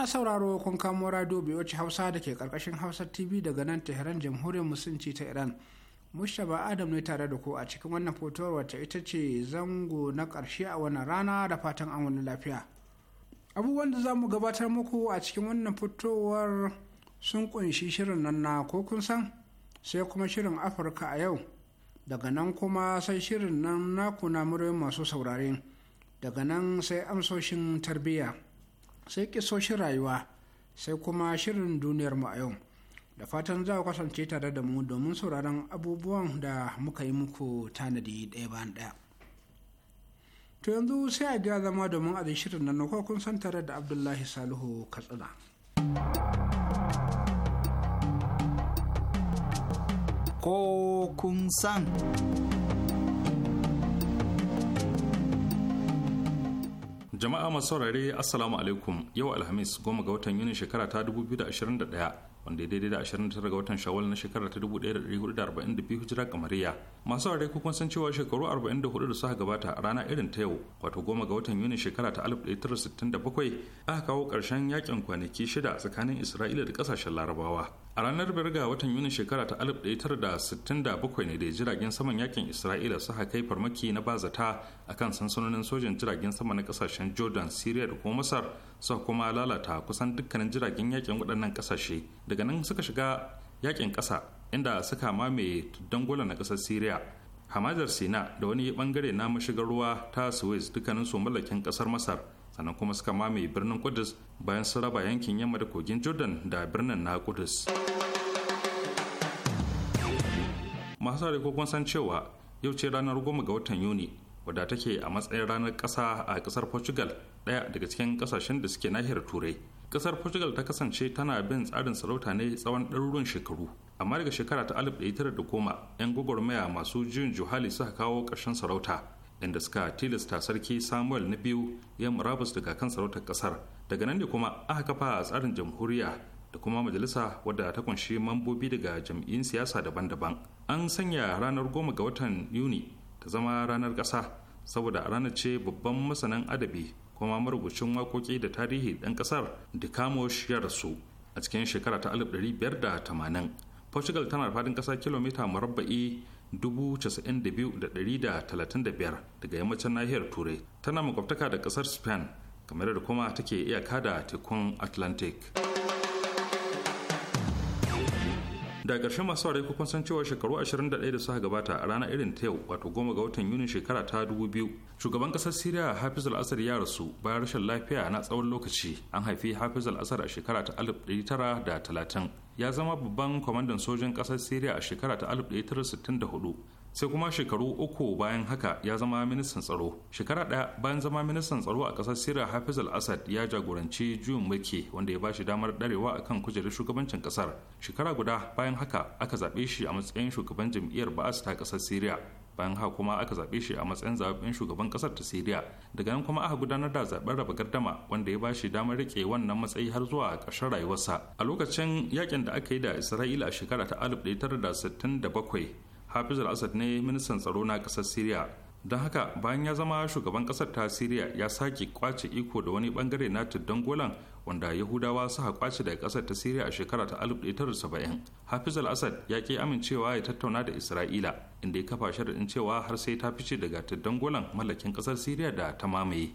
ana sauraro kun kamo radio biyoci hausa da ke karkashin hausa tv daga nan tehran jamhuriyar musulunci ta iran mushaba adam ne tare da ku a cikin wannan fotowar wacce ita ce zango na karshe a wannan rana da fatan an wani lafiya abubuwan da za mu gabatar muku a cikin wannan fitowar sun kunshi shirin nan na ko kun san sai kuma shirin afirka a yau daga nan kuma sai shirin nan naku na masu saurare daga nan sai amsoshin tarbiyya sai kisoshin rayuwa sai kuma shirin duniyar mu a yau da fatan za ku kasance tare da mu domin sauraron abubuwan da muka yi muku tanadi ɗaya bayan ɗaya to yanzu sai a gida zama domin a shirin nan ko kun san tare da abdullahi salihu katsina ko kun san jama'a masu saurare assalamu alaikum yau alhamis goma ga watan yunin shekara ta 2021 wanda daidai da 29 ga watan shawal na shekarar ta 1442 hijira kamariya masu aure ko kun san cewa shekaru 44 da suka gabata a rana irin ta yau wato goma ga watan yuni shekara ta 1967 aka kawo karshen yakin kwanaki shida tsakanin isra'ila da kasashen larabawa a ranar biyar ga watan yuni shekara ta 1967 ne da jiragen saman yakin isra'ila suka kai farmaki na bazata akan sansanonin sojan jiragen sama na kasashen jordan syria da kuma masar suka kuma lalata kusan dukkanin jiragen yakin waɗannan ƙasashe daga nan suka shiga yakin ƙasa inda suka mamaye tuddan na ƙasar syria hamadar sina da wani bangare na mashigar ruwa ta suez dukkanin su mallakin ƙasar masar sannan kuma suka mamaye birnin kudus bayan sun raba yankin yamma da kogin jordan da birnin na kudus masu ko kun san cewa yau ce ranar goma ga watan yuni wadda take a matsayin ranar ƙasa a ƙasar portugal ɗaya daga cikin ƙasashen da suke nahiyar turai ƙasar portugal ta kasance tana bin tsarin sarauta ne tsawon ɗaruruwan shekaru amma daga shekara ta alif da koma, 'yan gwagwarmaya masu juyin juhali suka kawo ƙarshen sarauta inda suka tilasta sarki samuel na biyu ya murabus daga kan sarautar ƙasar daga nan ne kuma aka kafa tsarin jamhuriya da kuma majalisa wadda ta kunshi mambobi daga jam'iyyun siyasa daban-daban an sanya ranar goma ga watan yuni ta zama ranar ƙasa saboda a ranar ce babban masanin adabi kuma marubucin waƙoƙi da tarihi ɗan ƙasar dikamosh ya rasu a cikin shekara ta 1580 portugal tana da faɗin ƙasa kilomita marabba'i 92,135 daga yammacin nahiyar turai tana makwabtaka da ƙasar spain kamar da kuma take iyaka da tekun atlantic da ƙarshen masu ware kukun san cewa shekaru 21 da suka gabata a ranar irin ta yau wato goma ga watan yuni shekara ta 2000 shugaban ƙasar siriya hafiz al asar ya rasu bayan rashin lafiya na tsawon lokaci an haifi hafiz al a shekara ta 1930 ya zama babban kwamandan sojan ƙasar siriya a shekara ta 1964 sai kuma shekaru uku bayan haka ya zama ministan tsaro shekara ɗaya bayan zama ministan tsaro a ƙasar siriya hafiz al-assad ya jagoranci juyin mulki wanda ya ba shi damar ɗarewa akan kujerar shugabancin ƙasar shekara guda bayan haka aka zaɓe shi a matsayin shugaban jam'iyyar ba'as ta ƙasar siriya bayan haka kuma aka zaɓe shi a matsayin zaɓen shugaban ƙasar ta siriya daga nan kuma aka gudanar da zaɓen raba gardama wanda ya ba shi damar riƙe wannan matsayi har zuwa ƙarshen rayuwarsa a lokacin yakin da aka yi da isra'ila a shekara ta 1967 hafiz al-assad ne ministan tsaro na kasar syria don haka bayan ya zama shugaban kasar ta syria ya sake kwace iko da wani bangare na tuddan golan wanda yahudawa suka kwace daga kasar ta syria a shekara ta 1970 hafiz al-assad ya ki amincewa ya tattauna da isra'ila inda ya kafa sharaɗin cewa har sai ta fice daga tuddan mallakin kasar syria da ta mamaye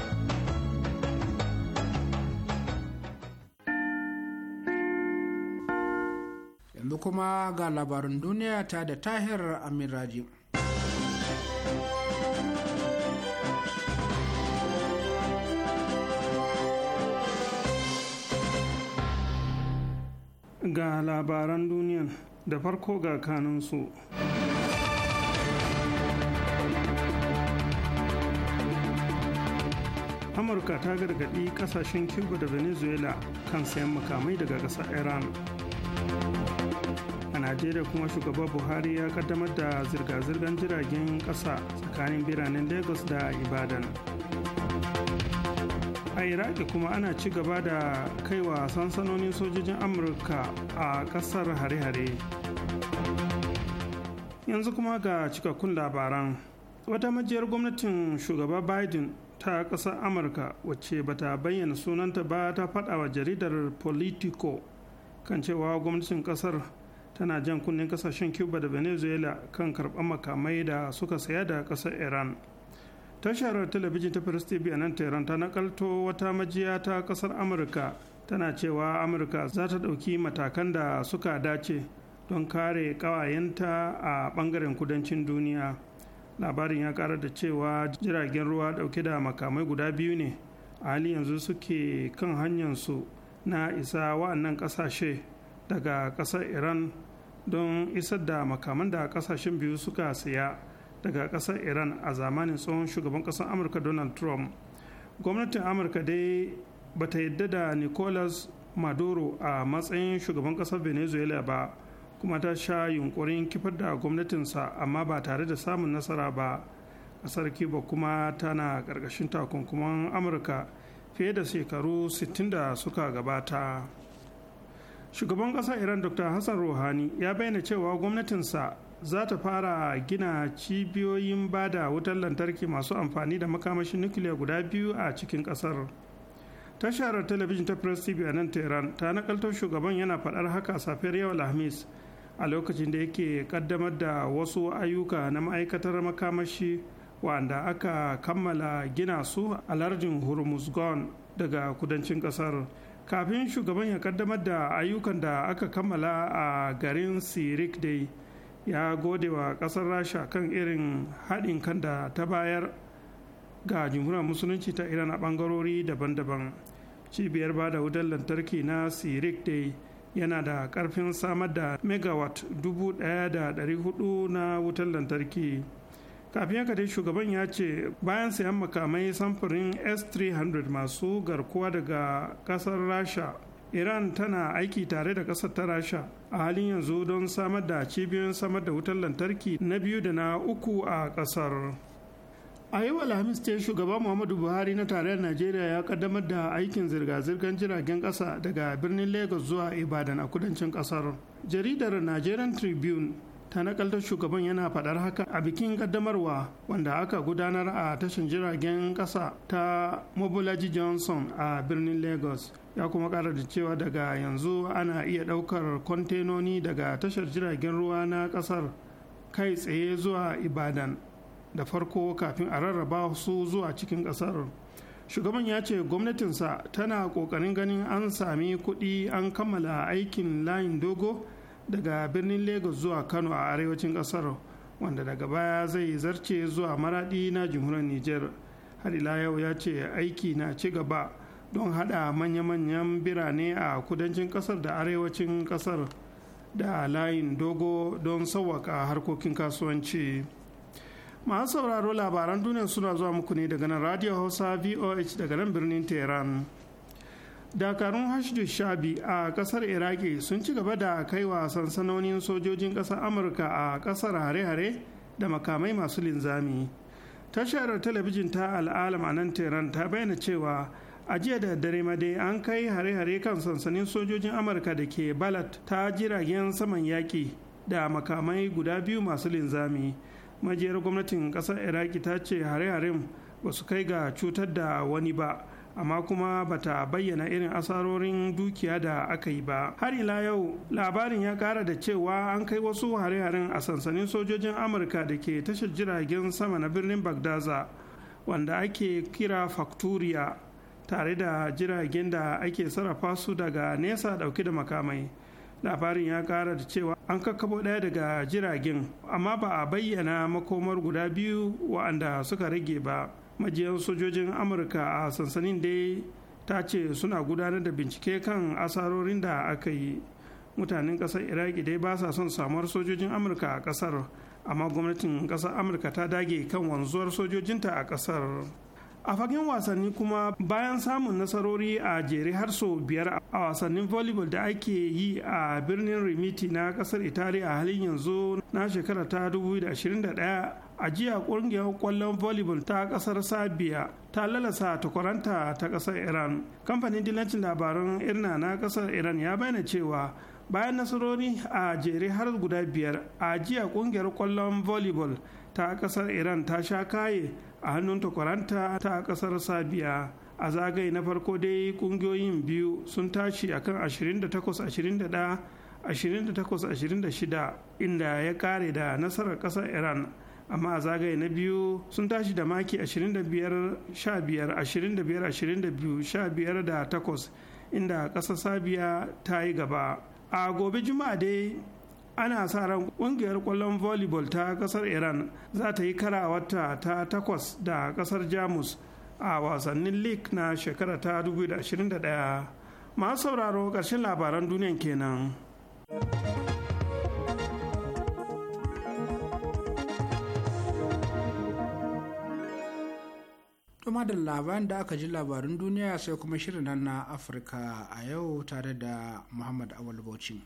yanzu kuma ga labarin duniya ta da tahir amin raji ga labaran duniya da farko ga kanunsu amurka ta gargaɗi ƙasashen cuba da venezuela kan sayan makamai daga kasar iran a najeriya kuma shugaba buhari ya kaddamar da zirga-zirgar jiragen ƙasa tsakanin biranen lagos da ibadan a iraki kuma ana ci gaba da kaiwa sansanonin sojojin amurka a ƙasar hare-hare yanzu kuma ga cikakkun labaran wata majiyar gwamnatin shugaba biden ta ƙasar amurka wacce bata bayyana sunanta ba ta faɗa wa jaridar politico kan cewa gwamnatin kasar tana jan kunnen kasashen cuba da venezuela kan karɓar makamai da suka saya da ƙasar iran tashar talabijin ta first tv a nan tehran ta nakalto wata majiya ta ƙasar amurka tana cewa amurka za ta ɗauki matakan da suka dace don kare ƙawayenta a bangaren kudancin duniya labarin ya ƙara da cewa jiragen ruwa ɗauke da makamai guda biyu ne a hali yanzu suke kan hanyarsu su na isa wa'annan ƙasashe daga ƙasar iran don isar da makaman da ƙasashen biyu suka siya daga ƙasar iran a zamanin tsohon shugaban ƙasar amurka donald trump gwamnatin amurka dai bata yadda da nicolas maduro a matsayin shugaban ƙasar venezuela ba kuma ta sha yunkurin kifar da gwamnatinsa amma ba tare da samun nasara ba A Sarki ba kuma tana ƙarƙashin takunkuman amurka fiye da shekaru 60 da suka gabata shugaban ƙasar iran dr hassan rouhani ya bayyana cewa gwamnatinsa za ta fara gina cibiyoyin ba da wutar lantarki masu amfani da makamashin nukiliya guda biyu a cikin ƙasar tashar talabijin ta press tv a nan tehran ta nakalto shugaban yana faɗar haka safiyar yau alhamis a lokacin da yake ƙaddamar da wasu ayyuka na ma'aikatar makamashi wanda aka kammala gina su a lardin hormuzgon daga kudancin kasar kafin shugaban ya kaddamar da ayyukan da aka kammala a garin sirik dai ya gode wa kasar rasha kan irin haɗin kan da ta bayar ga jimhuriyar musulunci ta iran a ɓangarori daban-daban cibiyar ba da wutar lantarki na sirik dai yana da ƙarfin samar da megawatt 1,400 na wutan lantarki kafin haka dai shugaban ya ce bayan sayan makamai samfurin s-300 masu garkuwa daga kasar rasha iran tana aiki tare da ƙasar ta rasha a halin yanzu don samar da cibiyoyin samar da wutar lantarki na biyu da na uku a kasar a yau alhamis ce shugaban muhammadu buhari na tarayyar najeriya ya kaddamar da aikin zirga-zirgar jiragen kasa daga birnin lagos zuwa ibadan a kudancin kasar jaridar nigerian tribune ta nakaltar shugaban yana faɗar haka a bikin kaddamarwa wanda aka gudanar a tashin jiragen ƙasa ta mobilaji johnson a birnin lagos ya kuma ƙara da cewa daga yanzu ana iya ɗaukar kwantenoni daga tashar jiragen ruwa na ƙasar kai tsaye zuwa ibadan da farko kafin a rarraba su zuwa cikin ƙasar shugaban ya ce gwamnatinsa tana ƙoƙarin ganin an sami kuɗi an kammala aikin layin dogo daga birnin lagos zuwa kano a arewacin kasar wanda daga baya zai zarce zuwa maradi na jihunan niger har ila yau ya ce aiki na ci gaba don hada manya-manyan birane a kudancin kasar da arewacin kasar da layin dogo don sauwaka harkokin kasuwanci masu sauraro labaran duniya suna zuwa muku ne daga nan radio hausa voh daga nan birnin tehran dakarun hashdu shabi a kasar iraki sun ci gaba da kaiwa sansanonin sojojin kasar amurka a kasar hare-hare da makamai masu linzami tashar talabijin ta al'alam a nan tehran ta bayyana cewa a jiya da dare dai an kai hare-hare kan sansanin sojojin amurka da ke balat ta jiragen saman yaƙi da makamai guda biyu masu linzami majiyar gwamnatin ƙasar iraki ta ce hare-haren ba su kai ga cutar da wani ba amma kuma bata bayyana irin asarorin dukiya da aka yi ba har ila yau labarin ya kara da cewa an kai wasu hare-haren a sansanin sojojin amurka da ke tashar jiragen sama na birnin bagdaza wanda ake kira factoria tare da jiragen da ake sarrafa su daga nesa dauke da makamai labarin ya kara da cewa an kakkabo ɗaya daga jiragen amma ba a bayyana makomar guda biyu wa'anda suka rage ba majiyar sojojin amurka a sansanin dai ta ce suna gudanar da bincike kan asarorin da aka yi mutanen kasar iraki dai ba sa son samuwar sojojin amurka a kasar amma gwamnatin kasar amurka ta dage kan wanzuwar sojojinta a kasar a fagen wasanni kuma bayan samun nasarori a jere har sau biyar a wasannin volleyball da ake yi a birnin rimiti na kasar italiya a halin yanzu na shekara ta 2021 a jiya kungiyar kwallon volleyball ta kasar serbia ta lalasa takwaranta ta kasar iran kamfanin dilancin labaran irna na kasar iran ya bayyana cewa bayan nasarori a jere har guda biyar a jiya kungiyar kwallon volleyball ta kasar iran ta sha kaye a hannun takwaranta ta kasar serbia a zagaye na farko dai kungiyoyin biyu sun tashi akan 28-21 28-26 inda ya kare da nasarar kasar iran amma a zagaye na biyu sun tashi da maki 25 25 25 22 da inda kasar sabiya ta yi gaba a gobe juma'a dai ana sa ran ƙungiyar kwallon volleyball ta kasar iran za ta yi kara wata ta takwas da kasar jamus a wasannin league na shekara ta 2021 masu sauraro ƙarshen labaran duniyan kenan. kuma da labaran da aka ji labarin duniya sai kuma shirin nan na afirka a yau tare da muhammad awal bauchi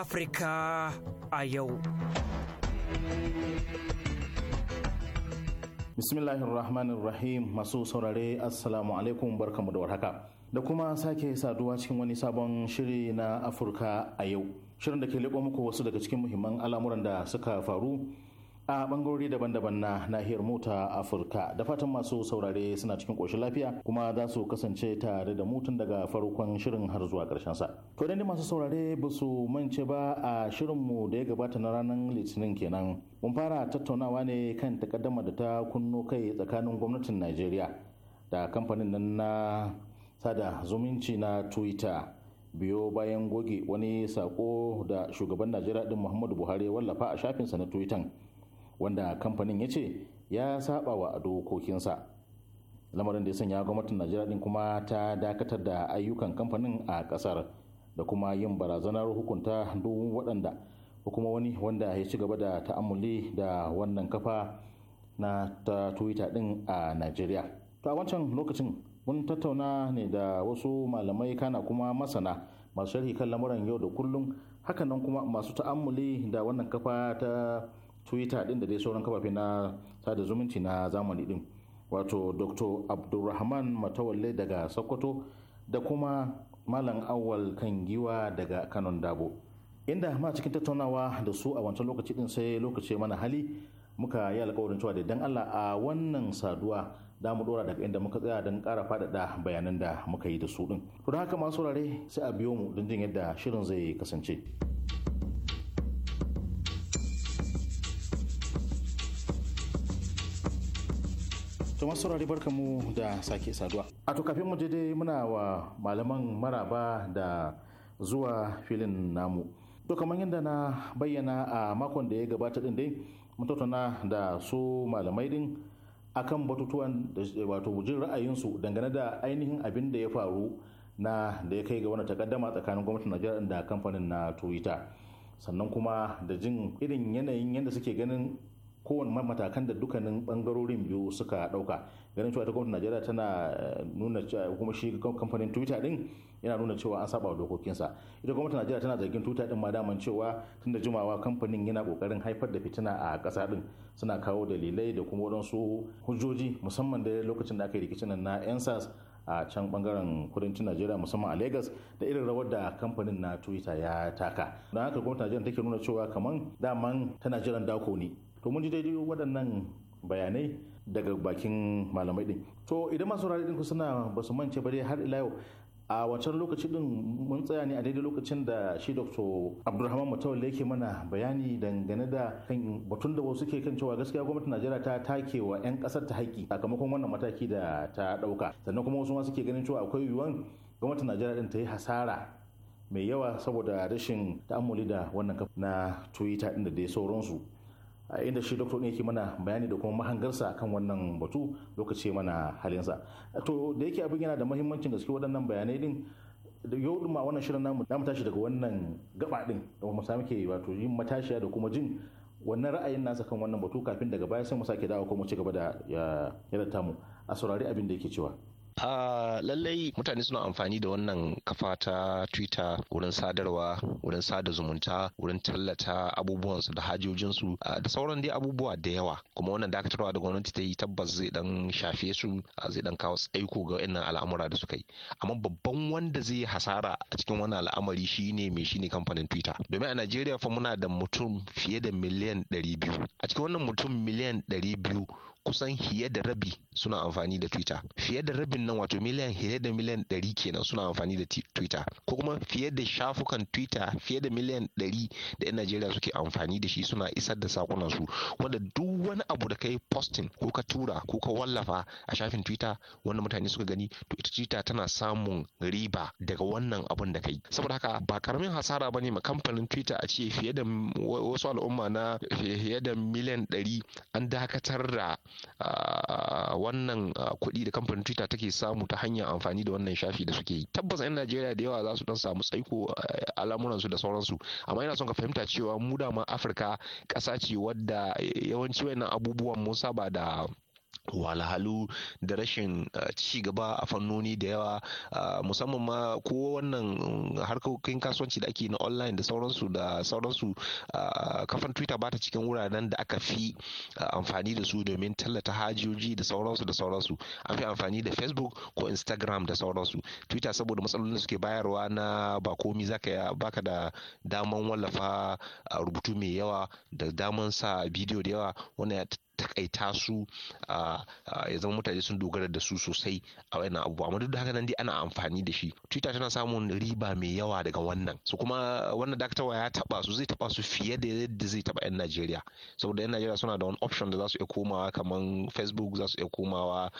afirka a yau bismillahirrahmanirrahim masu saurare assalamu alaikum barkamu da warhaka da kuma sake saduwa cikin wani sabon shiri na afirka a yau shirin da ke leƙo muku wasu daga cikin muhimman al'amuran da suka faru a bangarori daban-daban na nahiyar mota afirka da fatan masu saurare suna cikin ƙoshin lafiya kuma za su kasance tare da mutun daga farkon shirin har zuwa ƙarshen sa to dai masu saurare ba su mance ba a shirin mu da ya gabata na ranar litinin kenan mun fara tattaunawa ne kan takaddama da ta kunno kai tsakanin gwamnatin najeriya da kamfanin nan na sada zumunci na twitter biyo bayan goge wani sako da shugaban najeriya din muhammadu buhari wallafa a shafinsa na twitter wanda kamfanin ya ce ya saba wa dokokinsa lamarin da ya sanya gwamnatin najeriya din kuma ta dakatar da ayyukan kamfanin a kasar da kuma yin barazanar hukunta duk waɗanda ko kuma wani wanda ya ci gaba da ta'amuli da wannan kafa na ta twitter din a najeriya to a wancan lokacin mun tattauna ne da wasu malamai kana kuma masana masu sharhi kan lamuran yau da kullum hakanan kuma masu ta'ammuli da wannan kafa ta twitter din da dai sauran kafafe na sada zumunci na zamani din wato dr abdulrahman matawalle daga sokoto da kuma malam awal kan giwa daga kanon dabo inda ma cikin tattaunawa da su a wancan lokaci din sai lokaci mana hali muka yi alkawarin cewa da dan allah a wannan saduwa za mu dora daga inda muka tsaya don ƙara faɗaɗa bayanan da muka yi da su ɗin. To haka masu saurare sai a biyo mu don jin yadda shirin zai kasance. To masu saurare barka mu da sake saduwa. A to kafin mu je dai muna wa malaman maraba da zuwa filin namu. To kamar yadda na bayyana a makon da ya gabata ɗin dai mun tattauna da su malamai ɗin akan batutuwan wato jin ra'ayinsu dangane da ainihin abin da ya faru na da ya kai ga wani takaddama tsakanin gwamnatin Najeriya da kamfanin na Twitter sannan kuma da jin irin yanayin yadda suke ganin kowane matakan da dukkanin bangarorin biyu suka dauka ganin cewa ta gwamnatin najeriya tana eh, nuna kuma shi kamfanin twitter din yana nuna cewa an saba wa dokokinsa ita gwamnatin najeriya tana zargin twitter din ma daman cewa tun da jimawa kamfanin yana kokarin haifar da fitina a kasa din suna kawo dalilai da kuma wadansu hujjoji musamman da lokacin da aka yi rikicin na ensas a can bangaren kudancin najeriya musamman a Legas. da irin rawar da kamfanin na twitter ya taka don haka gwamnatin najeriya take nuna cewa kaman daman tana jiran dako ne to mun ji daidai waɗannan bayanai daga bakin malamai din to idan masu rari ku suna ba su mance ba dai har ila yau a wancan lokaci din mun tsaya ne a daidai lokacin da shi dr abdulrahman mutawalla yake mana bayani dangane da kan batun da wasu ke kan cewa gaskiya gwamnatin najeriya ta take wa 'yan kasar ta haƙƙi sakamakon wannan mataki da ta ɗauka sannan kuma wasu ma suke ganin cewa akwai yiwuwan gwamnatin najeriya din ta yi hasara mai yawa saboda rashin ta'ammuli da wannan na twitter ɗin da dai sauransu a inda shi doktor yake mana bayani da kuma mahangarsa kan wannan batu lokaci mana halinsa to da yake abin yana da mahimmancin gaske waɗannan bayanai din yau ma wannan shirin namu namu tashi daga wannan gaba din da mu sami ke wato yin matashiya da kuma jin wannan ra'ayin nasa kan wannan batu kafin daga baya sai mu sake dawo ko mu ci gaba da ya tamu a saurari abin da yake cewa a lallai mutane suna amfani da wannan kafa ta twitter wurin sadarwa wurin sada zumunta wurin tallata abubuwansu da hajojinsu ah, da sauran dai abubuwa da yawa kuma wannan dakatarwa da gwamnati ta yi tabbas zai dan shafe su ah, zai dan kawo tsaiko ga wannan al'amura da suka yi amma babban wanda zai hasara a cikin wannan al'amari shine mai shine kamfanin twitter domin a najeriya fa muna da mutum fiye da miliyan 200 a cikin wannan mutum miliyan 200 kusan fiye da rabi suna amfani da twitter fiye da rabin nan wato miliyan fiye da miliyan ɗari kenan suna amfani da twitter ko kuma fiye da shafukan twitter fiye da miliyan ɗari da 'yan najeriya suke amfani da shi suna isar da sakunan su wanda duk wani abu da kai posting ko ka tura ko ka wallafa a shafin twitter wanda mutane suka gani to ita twitter tana samun riba daga wannan abun da kai saboda haka ba karamin hasara bane ma kamfanin twitter a ce fiye da wasu al'umma na fiye da miliyan ɗari an dakatar da Ah, wannan ah, kuɗi da kamfanin twitter take samu ta hanyar amfani da wannan shafi da suke yi tabbas 'yan najeriya da yawa za su dan samu tsaiko eh, al'amuransu da sauransu amma ina son ka fahimta cewa mu da ma afirka ƙasa ce wadda eh, yawanci wayannan abubuwan mun saba da walhalu da rashin eh, ci gaba a fannoni da yawa ah, musamman ma ko wannan mm, harkokin kasuwanci da ake na online da sauransu da sauransu ah, kafan twitter bata cikin wuraren da aka fi eh, amfani da su domin tallata hajiyoji da sauransu da sauransu an fi amfani da facebook ko instagram da sauransu twitter saboda matsalolin da suke bayarwa na ba komi zaka baka da daman wallafa ah, rubutu mai yawa da daman sa bidiyo da yawa wannan takaita su ya zama mutane sun dogara da su sosai a wani abubuwa amma duk da haka nan dai ana amfani da shi twitter tana samun riba mai yawa daga wannan su kuma wannan dakatawa ya taba su zai taba su fiye da yadda zai taba yan najeriya saboda yan najeriya suna da wani option da za su iya komawa kamar facebook za su iya komawa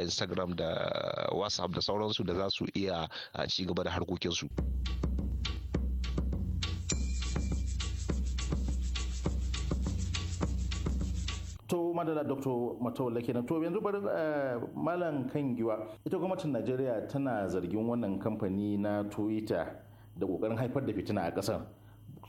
instagram da whatsapp da sauransu da za su iya ci gaba da harkokinsu. to madala dr matawalla kenan to yanzu bari eh, malam kan giwa ita gwamnatin najeriya tana zargin wannan kamfani na twitter da kokarin haifar da fitina a kasar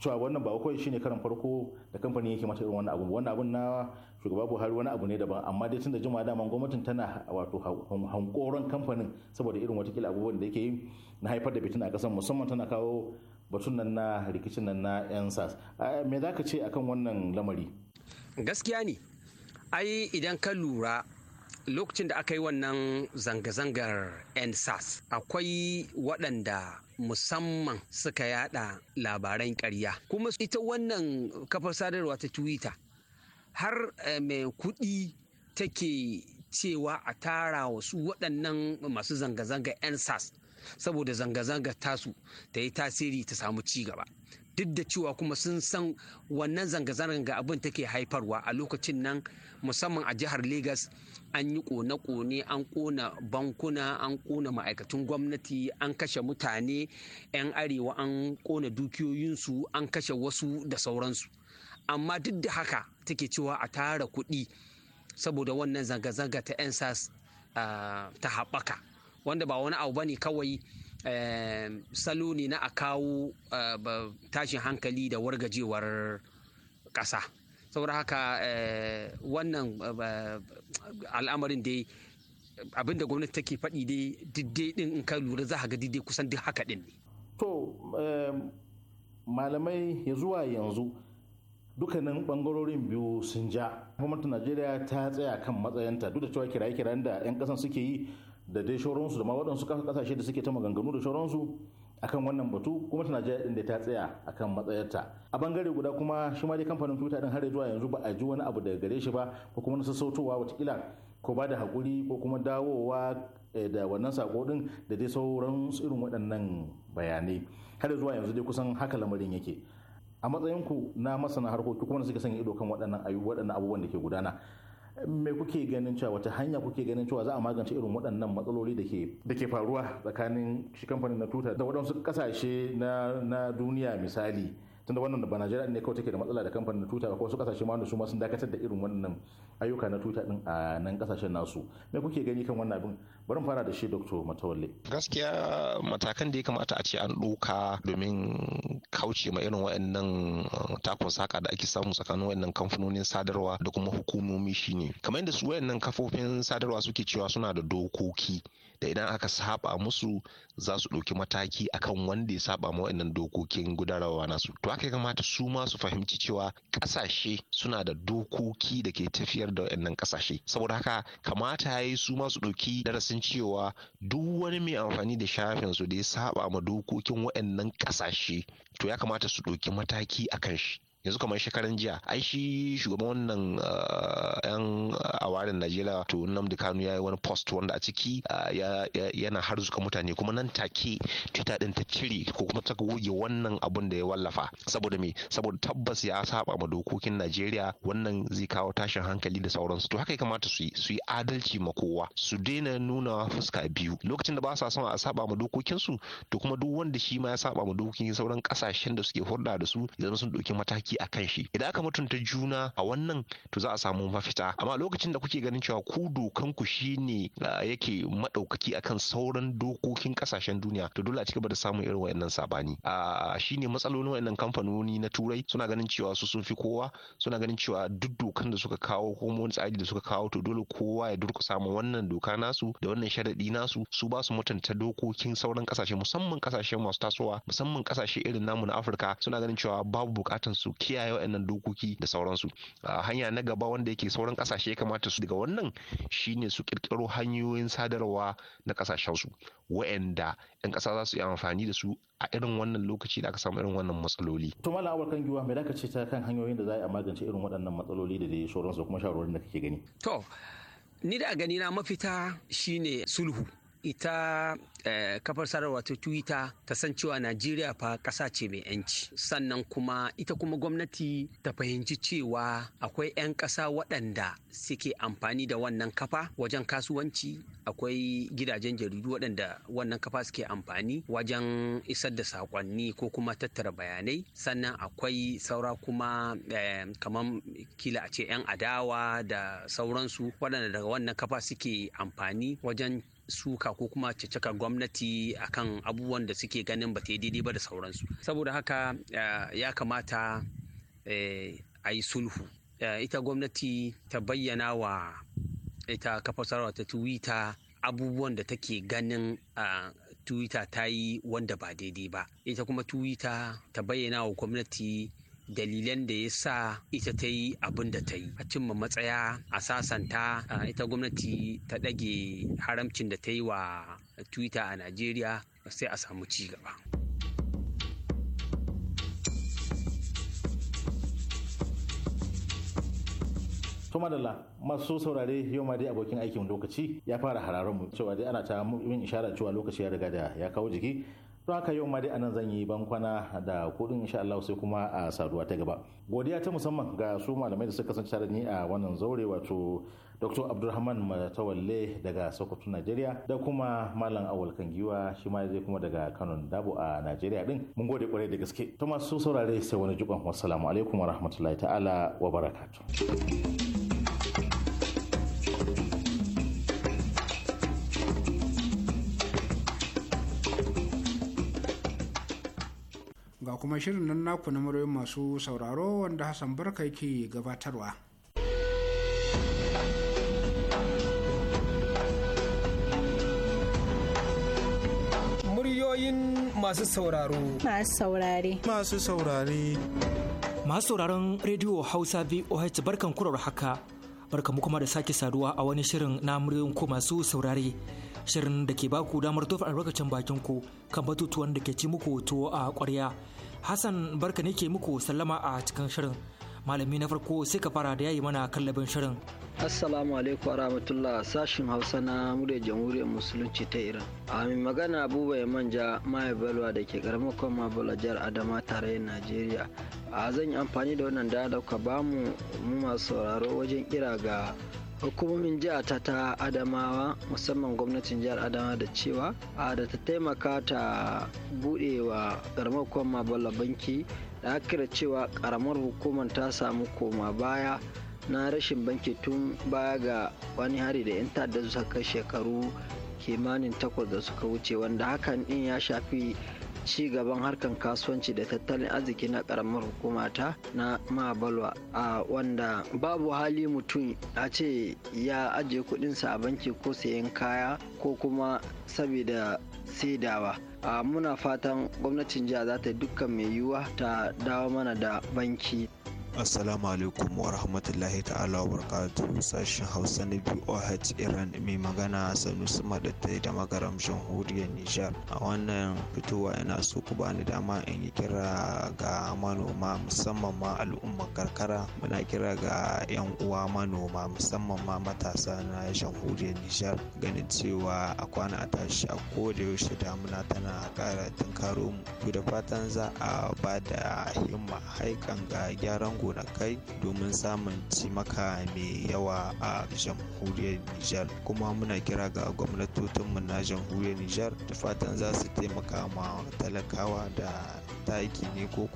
cewa wannan ba kawai shine karan farko da kamfani yake mata irin wannan abu wannan abun na shugaba buhari wani abu ne daban amma dai tunda jima daman gwamnatin tana wato hankoron kamfanin saboda irin watakila abubuwan da yake yi na haifar da fitina a kasar musamman tana kawo batun nan na rikicin nan na yan sas eh, me za ka ce akan wannan lamari gaskiya ne ai idan ka lura lokacin da aka yi wannan zanga-zangar nsas akwai waɗanda musamman suka yada labaran ƙarya kuma ita wannan kafar sadarwa ta twitter har eh, mai kuɗi take cewa a tara wasu waɗannan masu zanga-zanga nsas saboda zanga zangar tasu ta yi tasiri ta samu ci gaba duk da cewa kuma sun san wannan zanga-zangar abin take haifarwa a lokacin nan musamman a jihar Legas an yi kone-kone an kona bankuna an kona ma'aikatan gwamnati an kashe mutane 'yan arewa an kona dukiyoyinsu an kashe wasu da sauransu amma duk da haka take cewa a tara kuɗi saboda wannan zanga-zanga ta 'yan sas ah, ta haɓaka wanda ba wani abu ne kawai salo ne na a kawo eh, tashin hankali da wargajewar ƙasa saboda haka eh, wannan eh, al'amarin dai abin da gwamnati take faɗi dai diddai ɗin in ka lura za ga diddai kusan duk haka ɗin ne. To malamai ya zuwa yanzu dukkanin ɓangarorin biyu sun ja gwamnatin najeriya ta tsaya kan matsayinta duk da cewa kira kiran da 'yan ƙasan suke yi da dai shauransu da ma waɗansu kasashe da suke ta maganganu da shauransu akan wannan batu kuma tana jiya din da ta tsaya akan matsayarta a bangare guda kuma shi ma dai kamfanin twitter din har zuwa yanzu ba a ji wani abu daga gare shi ba ko kuma na sassautowa watakila ko ba da hakuri ko kuma dawowa eh, da wannan saƙo din da dai sauran irin waɗannan bayanai har zuwa yanzu dai kusan haka lamarin yake a matsayinku na masana harkoki kuma suke sanya ido kan waɗannan abubuwan da ke gudana me kuke ganin cewa wata hanya kuke ganin cewa za a magance irin waɗannan matsaloli da ke faruwa tsakanin shi kamfanin na tuta da waɗansu ƙasashe na duniya misali tunda wannan da Najeriya ne kawai take da matsala da kamfanin tuta ko wasu kasashe ma su ma sun dakatar da irin wannan ayyuka na tuta din a nan kasashen nasu me kuke gani kan wannan abin bari fara da shi dr matawalle gaskiya matakan da ya kamata a ce an ɗauka domin kauce ma irin waɗannan uh, takun saka da ake samu tsakanin waɗannan kamfanonin sadarwa da kuma hukumomi shine kamar yadda su waɗannan kafofin sadarwa suke cewa suna da dokoki da idan aka saba musu za su ɗauki mataki akan wanda ya saba ma waɗannan dokokin gudanarwa nasu to haka ya kamata su ma su fahimci cewa ƙasashe suna da dokoki da ke tafiyar da waɗannan ƙasashe saboda haka kamata ya yi su ma su ɗauki darasin sun cewa duk wani mai amfani da shafin su da ya saba ma dokokin waɗannan ƙasashe to ya kamata su ɗauki mataki a kan shi yanzu kamar shekaran jiya ai shi shugaban wannan eh, yan eh, awarin najeriya to da kanu ya yi wani post wanda a ciki eh, yana har harzuka mutane kuma nan take twitter din ta cire ko kuma ta goge wannan abun da ya wallafa saboda me saboda tabbas ya saba ma dokokin najeriya wannan zai kawo tashin hankali da sauransu to haka ya kamata su yi su yi adalci ma kowa su daina nuna fuska biyu lokacin da ba sa son a saba ma dokokinsu to kuma duk wanda shi ma ya saba ma dokokin sauran kasashen da suke hulɗa da su ya zama sun ɗauki mataki aiki a kan shi idan aka mutunta juna a wannan to za a samu mafita amma lokacin da kuke ganin cewa ku dokanku ku shine yake madaukaki akan sauran dokokin kasashen duniya to dole a cigaba da samun irin wayannan sabani a shine matsalolin wayannan kamfanoni na turai suna ganin cewa su sun fi kowa suna ganin cewa duk dokan da suka kawo ko wani tsari da suka kawo to dole kowa ya durkusa ma wannan doka nasu da wannan sharaɗi nasu su ba su mutunta dokokin sauran kasashe musamman kasashen masu tasowa musamman kasashe irin namu na Afirka suna ganin cewa babu bukatan su kiyaye waɗannan dokoki da sauransu A hanya na gaba wanda yake sauran ƙasashe ya kamata su daga wannan shine su ƙirƙiro hanyoyin sadarwa na ƙasashensu waɗanda 'yan ƙasa za su yi amfani da su a irin wannan lokaci da aka samu irin wannan matsaloli. To mala kan giwa mai ka ce ta kan hanyoyin da za a magance irin waɗannan matsaloli da dai sauransu kuma shawarwarin da kake gani. To ni da a gani na mafita shine sulhu. ita eh, kafar sadarwa ta twitter ta san cewa najeriya fa ƙasa ce mai yanci sannan kuma ita kuma gwamnati ta fahimci cewa akwai 'yan ƙasa waɗanda suke amfani da wannan kafa wajen kasuwanci akwai gidajen jaridu waɗanda wannan kafa suke amfani wajen isar da sakonni ko kuma tattara bayanai sannan akwai saura kuma eh, kamar kila a ce 'yan adawa da sauransu waɗanda daga wannan kafa suke amfani wajen suka ko kuma cicika gwamnati akan abubuwan da suke ganin ba ta daidai ba da sauransu saboda haka eh, ya kamata eh, a yi sulhu eh, ita gwamnati ta bayyana wa ita kafar ta twitter abubuwan da take ganin twitter ta yi wanda ba daidai ba ita kuma twitter ta bayyana wa gwamnati dalilan da ya sa ita ta yi abin da ta yi a cimma matsaya a sasanta ita gwamnati ta ɗage haramcin da ta yi wa twitter a najeriya sai a samu ci gaba da madalla masu saurare yau ma dai abokin aikin lokaci ya fara hararin mu cewa dai ana ta yin ishara cewa lokaci ya riga da ya kawo jiki to haka yau ma dai anan zan yi bankwana da kuɗin insha Allah sai kuma a saduwa ta gaba godiya ta musamman ga su malamai da suka san tare da ni a wannan zaure wato Dr. Abdulrahman Matawalle daga Sokoto Najeriya da kuma Malam Awal Kangiwa shi ma zai kuma daga Kano Dabo a Najeriya din mun gode kwarai da gaske to masu saurare sai wani jikon wassalamu alaikum wa rahmatullahi ta'ala wa barakatuh kuma shirin nan naku na muryoyin masu sauraro wanda Hassan Barka yake gabatarwa. Muryoyin masu sauraro. Masu saurare. Masu saurare. Masu sauraron rediyo Hausa VOH barkan kurar haka. Barkanmu kuma da sake saduwa a wani shirin na muryoyin ku masu saurare. shirin da ke baku damar tofa albarkacin bakin ku kan batutuwan da ke ci muku tuwo a ƙwarya Hassan barka ne ke muku sallama a cikin shirin. malami na farko sai ka fara da yayi mana kallabin shirin. Assalamu alaikum rahmatullah sashin Hausa na murya jamhuriyar musulunci ta Iran. A mai magana Abuba ya manja Maye Balwa da ke karamar kwamma Balajar Adama tarayyar Najeriya. A zan yi amfani da wannan da dauka bamu mu masu sauraro wajen kira ga hukumomin jihata ta adamawa musamman gwamnatin jihar adama da cewa a da ta taimaka ta buɗewa karamar kwamma bala banki da aka da cewa karamar hukumar ta samu koma baya na rashin banki tun baya ga wani hari da 'yan ta'adda suka kai shekaru kimanin takwas da suka wuce wanda hakan din ya shafi ci gaban harkan kasuwanci da tattalin arziki na karamar hukumata na mabalwa a wanda babu hali mutum a ce ya ajiye kudinsa a banki ko sayan kaya ko kuma saboda saidawa a muna fatan gwamnatin jiha za ta dukkan mai yiwuwa ta dawo mana da banki Assalamu alaikum wa rahmatullahi ta'ala wa barakatuhu sashen Hausa na BOH Iran mai magana Sanusi Madattai da magaram jamhuriyar Nijar. A wannan fitowa yana so ku bani dama in yi kira ga manoma musamman ma al'umman karkara muna kira ga 'yan uwa manoma musamman ma matasa na jamhuriyar Nijar ganin cewa a kwana a tashi a koda yaushe damuna tana kara tunkaro mu. To da fatan za a ba da himma haikan ga gyaran gonakai domin samun cimaka mai yawa a jamhuriyar Nijar. Kuma muna kira ga gwamnatocinmu na jamhuriyar Nijar da fatan za su taimaka ma talakawa da taki ne ko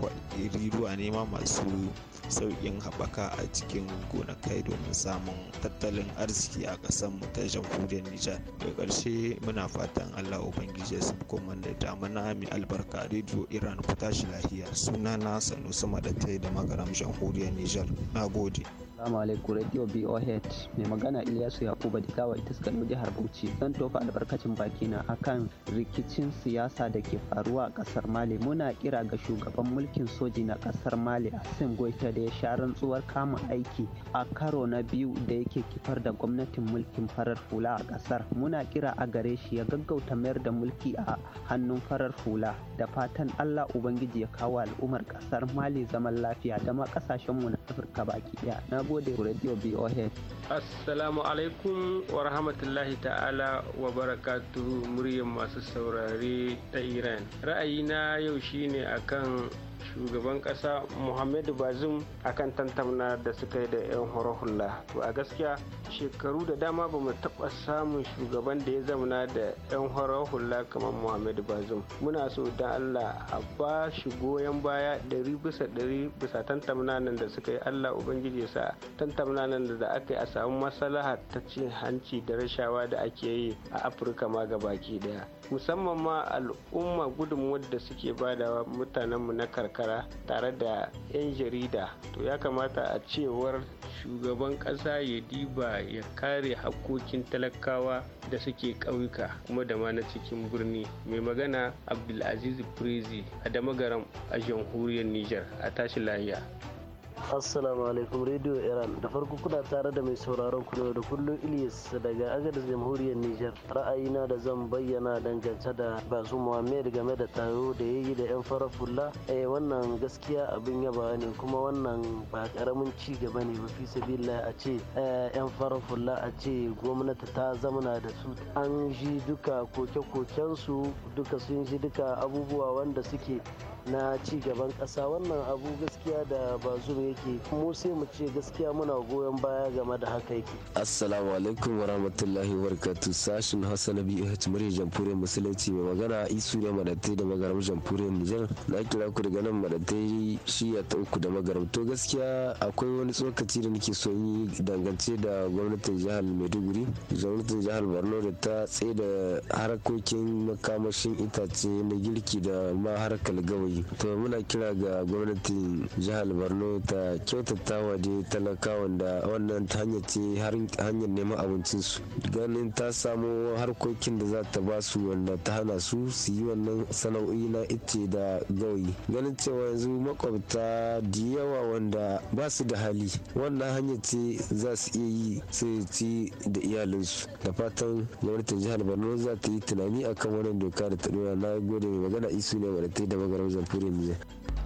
ruwa ne ma masu sauƙin haɓaka a cikin gonakai domin samun tattalin arziki a mu ta jamhuriyar Nijar. Da ƙarshe muna fatan Allah Ubangiji ya kuma da damuna mai albarka rediyo Iran ku tashi lahiya sunana Sanusi Madatai da magaram jamhuriyar jamhuriyar Nijar. Na gode. Assalamu alaikum Radio BOH mai magana Ilyasu Yakuba Digawa ita suka jihar Bauchi zan tofa albarkacin baki na akan rikicin siyasa da ke faruwa a kasar Mali muna kira ga shugaban mulkin soji na kasar Mali Hassan Goita da ya sha rantsuwar kama aiki a karo na biyu da yake kifar da gwamnatin mulkin farar hula a kasar muna kira a gare shi ya gaggauta mayar da mulki a hannun farar hula da fatan Allah Ubangiji ya kawo al'ummar kasar Mali zaman lafiya da ma kasashenmu na Afirka baki ɗaya. gode radio boh assalamu alaikum wa rahmatullahi ta'ala wa barakatu muryar masu saurare ta iran ra'ayina yau shine akan shugaban kasa muhammadu bazum kan tantamna da suka yi da 'yan hula to a gaskiya shekaru da dama ba mu taɓa samun shugaban da ya zamana da 'yan hula kamar muhammadu bazum muna so da allah a ba shi goyon baya ɗari bisa ɗari bisa tantamna nan da suka yi allah ubangiji sa tantamna nan da aka yi a samu maslaha ta cin hanci da rashawa da ake yi a afirka ma gabaki daya musamman ma al'umma gudunmuwar da suke badawa mutanenmu na kar karkara tare da 'yan jarida to ya kamata a cewar shugaban kasa ya diba ya kare hakkokin talakawa da suke ƙauyuka kuma da ma na cikin birni mai magana abdulaziz prezi a damagaram a jamhuriyar niger a tashi lahiya assalamu alaikum radio iran da farko kuna tare da mai sauraron ku da kullum ilyas daga agadis jamhuriyar nijar ra'ayina da zan bayyana dangance da basu muhammed game da taro da ya yi da yan farar fulla eh wannan gaskiya abin yaba ne kuma wannan ba karamin ci gaba ne ba fi sabila a ce yan eh, farar fulla a ce gwamnati ta zamana da su an ji duka koke-koken su duka sun ji duka abubuwa wanda suke na ci gaban ƙasa wannan abu gaskiya da ba zuwa yake mu sai mu ce gaskiya muna goyon baya game da haka yake assalamu alaikum wa rahmatullahi wa sashin hasan biyu murya jamhuriyar musulunci mai magana isu ne madatai da magaram jamhuriyar nijar na kira ku daga nan madatai ya ta uku da magaram to gaskiya akwai wani tsokaci da nake son yi dangance da gwamnatin jihar maiduguri gwamnatin jihar borno da ta tsaye da harkokin makamashin itace na girki da ma harkar gawayi to muna kira ga gwamnatin jihar borno ta da kyautata waje talakawan da wannan ta hanyar ce hanyar neman abincinsu ganin ta samo harkokin da za ta ba su wanda ta hana su su yi wannan sana'o'i na ice da gawayi ganin cewa yanzu makwabta da yawa wanda ba su da hali wannan hanyar ce za su iya yi su ci da iyalinsu da fatan gwamnatin jihar borno za ta yi tunani akan wannan doka da ta na gode mai magana isu ne wadda da magana jamhuriyar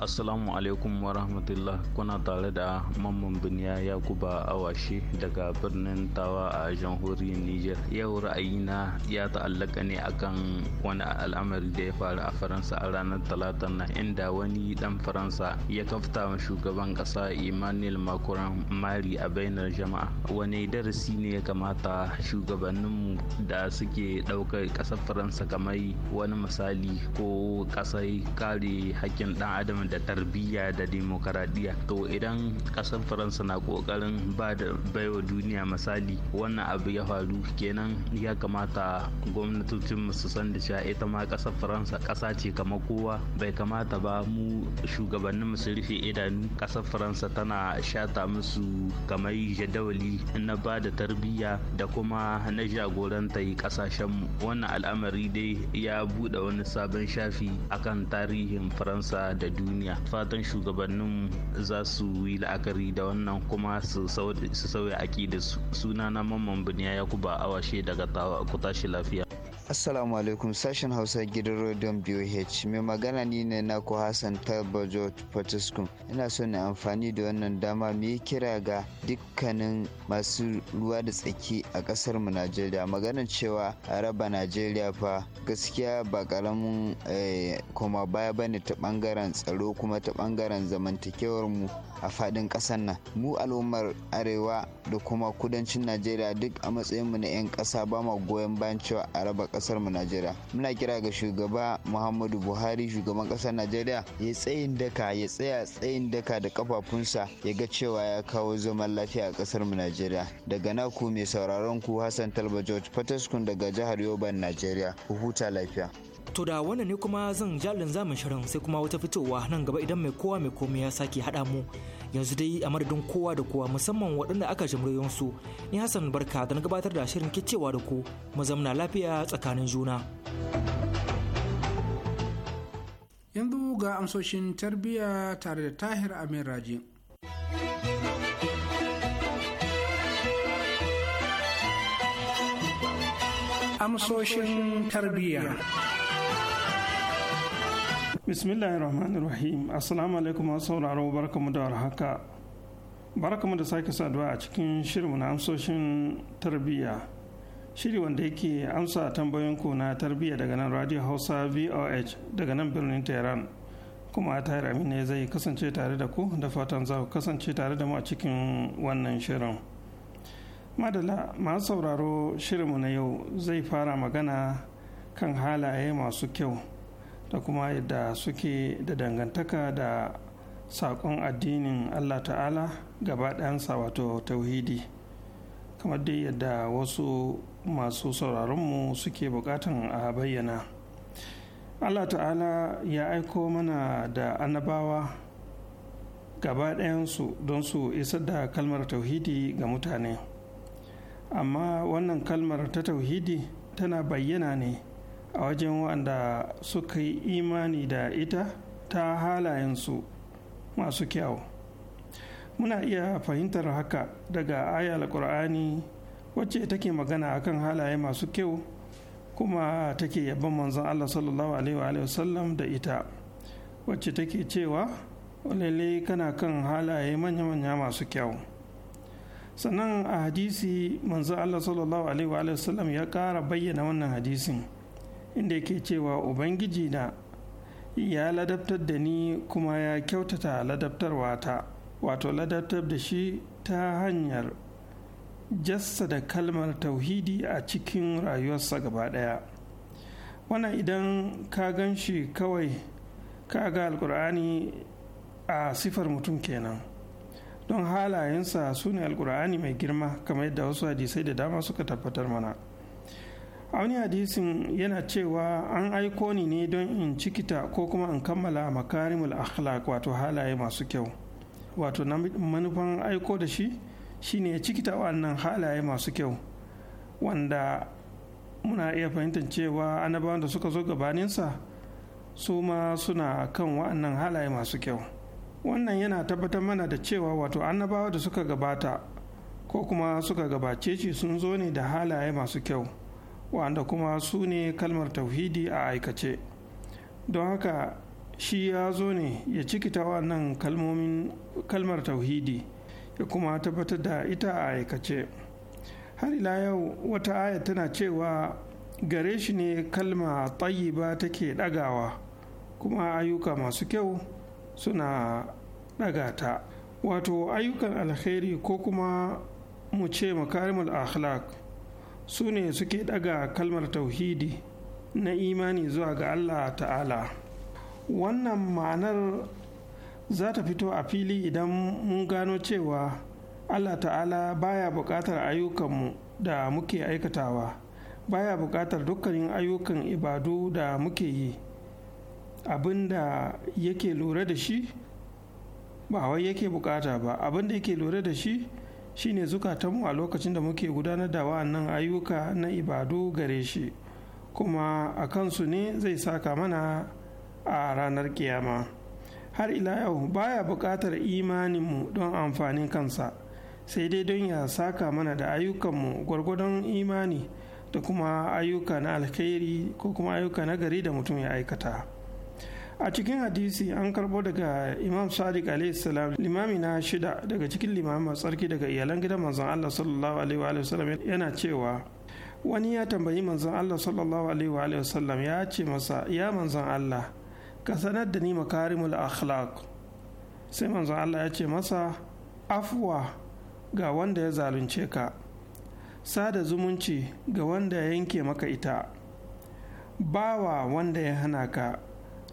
assalamu alaikum warahmatullah kuna tare da mamman biniya yakuba awashi daga birnin tawa a jamhuriyar niger yau ra'ayina ya ta'allaka ne akan wani al'amari da ya faru a faransa a ranar talata na inda wani dan faransa ya kafta wa shugaban kasa emmanuel macron mari a bainar jama'a wani darasi ne ya kamata shugabanninmu da suke ɗaukar ƙasar faransa kamar wani misali ko ƙasai kare hakkin ɗan adam da tarbiyya da demokaradiyya to idan kasar faransa na kokarin ba da baiwa duniya misali wannan abu ya faru kenan ya kamata gwamnatocin su san da cewa ita ma kasar faransa kasa ce kamar kowa bai kamata ba mu shugabannin su rufe idanu kasar faransa tana shata musu kamar jadawali na ba da tarbiyya da kuma na jagoranta yi kasashen wannan al'amari dai ya buɗe wani sabon shafi akan tarihin faransa da duniya duniya fatan shugabannin za su yi la'akari da wannan kuma su sauya aƙidar suna na mamman biniya ya kuba awashe daga tawa ku tashi lafiya Assalamu alaikum sashen Hausa gidan rodon BOH mai magana ni ne na ku Hassan Tabajo Fortescue ina so na amfani da wannan dama mu yi kira ga dukkanin masu ruwa da tsaki a kasar mu Najeriya maganar cewa a raba Najeriya fa gaskiya ba karamin eh, koma baya bane ta bangaren tsaro kuma ta bangaren zamantakewar mu a fadin kasar nan mu al'ummar arewa da kuma kudancin Najeriya duk a matsayin mu na 'yan kasa ba ma goyon bayan cewa a raba kasar mu najeriya muna kira ga shugaba muhammadu buhari shugaban kasar najeriya ya tsayin daka ya tsaya tsayin daka da kafafunsa ya ga cewa ya kawo zaman lafiya a kasar mu najeriya daga naku mai sauraron ku hassan talba george fataskun daga jihar yoban najeriya ku huta lafiya To da wannan ne kuma zan jalin zamin shirin sai kuma wata fitowa nan gaba idan mai kowa mai komai ya sake haɗa mu yanzu dai a madadin kowa da kowa musamman waɗanda aka jimriyon su ni hassan barka da na gabatar da shirin kicewa da ku mu zamna lafiya tsakanin juna yanzu ga amsoshin tarbiyya tare da tahir amin raji amsoshin tarbiyya rahim assalamu alaikum wa sauraro barkamu da warhaka barkamu da sake saduwa a cikin shirinmu na amsoshin tarbiyya shiri wanda yake amsa ku na tarbiyya daga nan radio hausa voh daga nan birnin tehran kuma tahir a ne zai kasance tare da ku da fatan za ku kasance tare da mu a cikin wannan shirin madala masu sauraro shirinmu na yau zai fara magana kan halaye masu kyau da kuma yadda suke da dangantaka da saƙon addinin allah ta'ala gaba ɗansa wato tauhidi kamar dai yadda wasu masu sauraronmu suke buƙatan a bayyana allah ta'ala ya aiko mana da annabawa gaba ɗayansu don su isar da kalmar tauhidi ga mutane amma wannan kalmar ta tauhidi tana bayyana ne a wajen wanda suka yi imani da ita ta halayensu masu kyau muna iya fahimtar haka daga ayal qur'ani wacce take magana akan halaye masu kyau kuma take yabon manzon Allah sallallahu alaihi wasallam da ita wacce take cewa lalle kana kan halaye manya-manya masu kyau sannan a hadisi manzon Allah sallallahu alaihi wasallam ya ƙara bayyana wannan hadisin inda yake cewa ubangiji na ya ladabtar da ni kuma ya kyautata ladabtarwa ta wato ladabtar da shi ta hanyar jassa da kalmar tauhidi a cikin rayuwarsa gaba ɗaya wannan idan ka gan shi kawai ka ga alkur'ani a sifar mutum kenan don halayensa su ne alkur'ani mai girma kamar yadda wasu hadisai da dama suka tabbatar mana a wani hadisin yana cewa an aiko ni ne don in cikita ko kuma in kammala a makarimul akhlaq wato halaye masu kyau wato manufan aiko da shi shine ya cikita wannan halaye masu kyau wanda muna iya fahimtar cewa annabawan da suka zo gabaninsa su ma suna kan wa'annan halaye masu kyau wannan yana tabbatar mana da cewa wato annabawa da suka gabata ko kuma suka gabace shi sun zo ne da halaye masu kyau wanda kuma su ne kalmar tauhidi a aikace don haka shi ya zo ne ya cikita wannan kalmar tauhidi ya kuma tabbatar da ita a aikace har ila yau wata aya tana cewa gare shi ne kalma tayyiba take dagawa, kuma ayyuka masu kyau suna ɗaga ta wato ayyukan alheri ko kuma mu ce makarimul akhlaq su ne suke daga kalmar tauhidi na imani zuwa ga allah ta'ala wannan ma'anar za ta fito a fili idan mun gano cewa allah ta'ala baya buƙatar ayyukanmu da muke aikatawa baya buƙatar dukkanin ayyukan ibadu da muke yi abin da yake lura da shi ba wai yake bukata ba abin da yake lura da shi shine zukatanmu a lokacin da muke gudanar da wa'annan ayyuka na ibadu gare shi kuma a kansu ne zai saka mana a ranar kiyama har ila yau baya buƙatar imaninmu don amfanin kansa sai dai don ya saka mana da ayyukanmu gwargwadon imani da kuma ayyuka na alkhairi ko kuma ayyuka na gari da mutum ya aikata. a cikin hadisi an karbo daga imam sadiq alaihi salam limami na shida daga cikin Limamin tsarki daga iyalan gidan manzon allah sallallahu alaihi wa yana cewa wani ya tambayi manzon allah sallallahu alaihi wa ya ce masa ya manzon allah ka sanar da ni makarimul akhlaq sai manzon allah ya ce masa afuwa ga wanda ya zalunce ka sada zumunci ga wanda ya yanke maka ita bawa wanda ya hana ka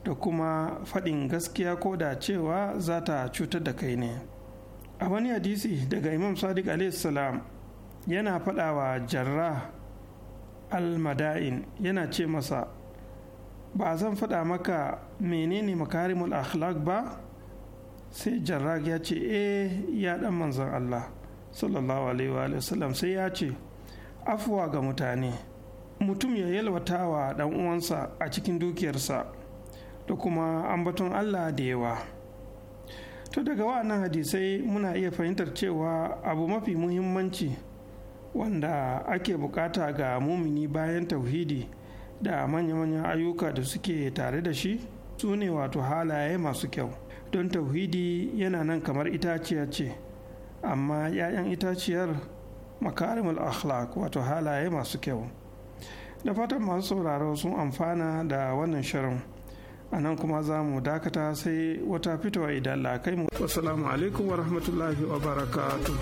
da kuma faɗin gaskiya ko da cewa za ta cutar da kai ne a wani hadisi daga imam sadiq salam yana faɗa wa jarra al-mada'in yana ce masa ba zan faɗa maka menene makarimul akhlaq ba sai jarrah ya ce eh ya ɗan manzan allah sallallahu alaihi wa sallam sai ya ce afuwa ga mutane mutum ya yalwata wa ɗan uwansa a cikin dukiyarsa da kuma ambaton Allah da yawa to daga wa'annan hadisai muna iya fahimtar cewa abu mafi muhimmanci wanda ake bukata ga mumini bayan tauhidi da manya-manyan ayyuka da suke tare da shi su ne wato halaye masu kyau don tauhidi yana nan kamar itaciya ce amma 'ya'yan itaciyar makarimul akhlaq wato halaye masu kyau da fatan masu sauraro sun amfana da wannan shirin a nan kuma za mu dakata sai wata fitowa idan Allah kai mu assalamu alaikum wa rahmatullahi wa barakatuh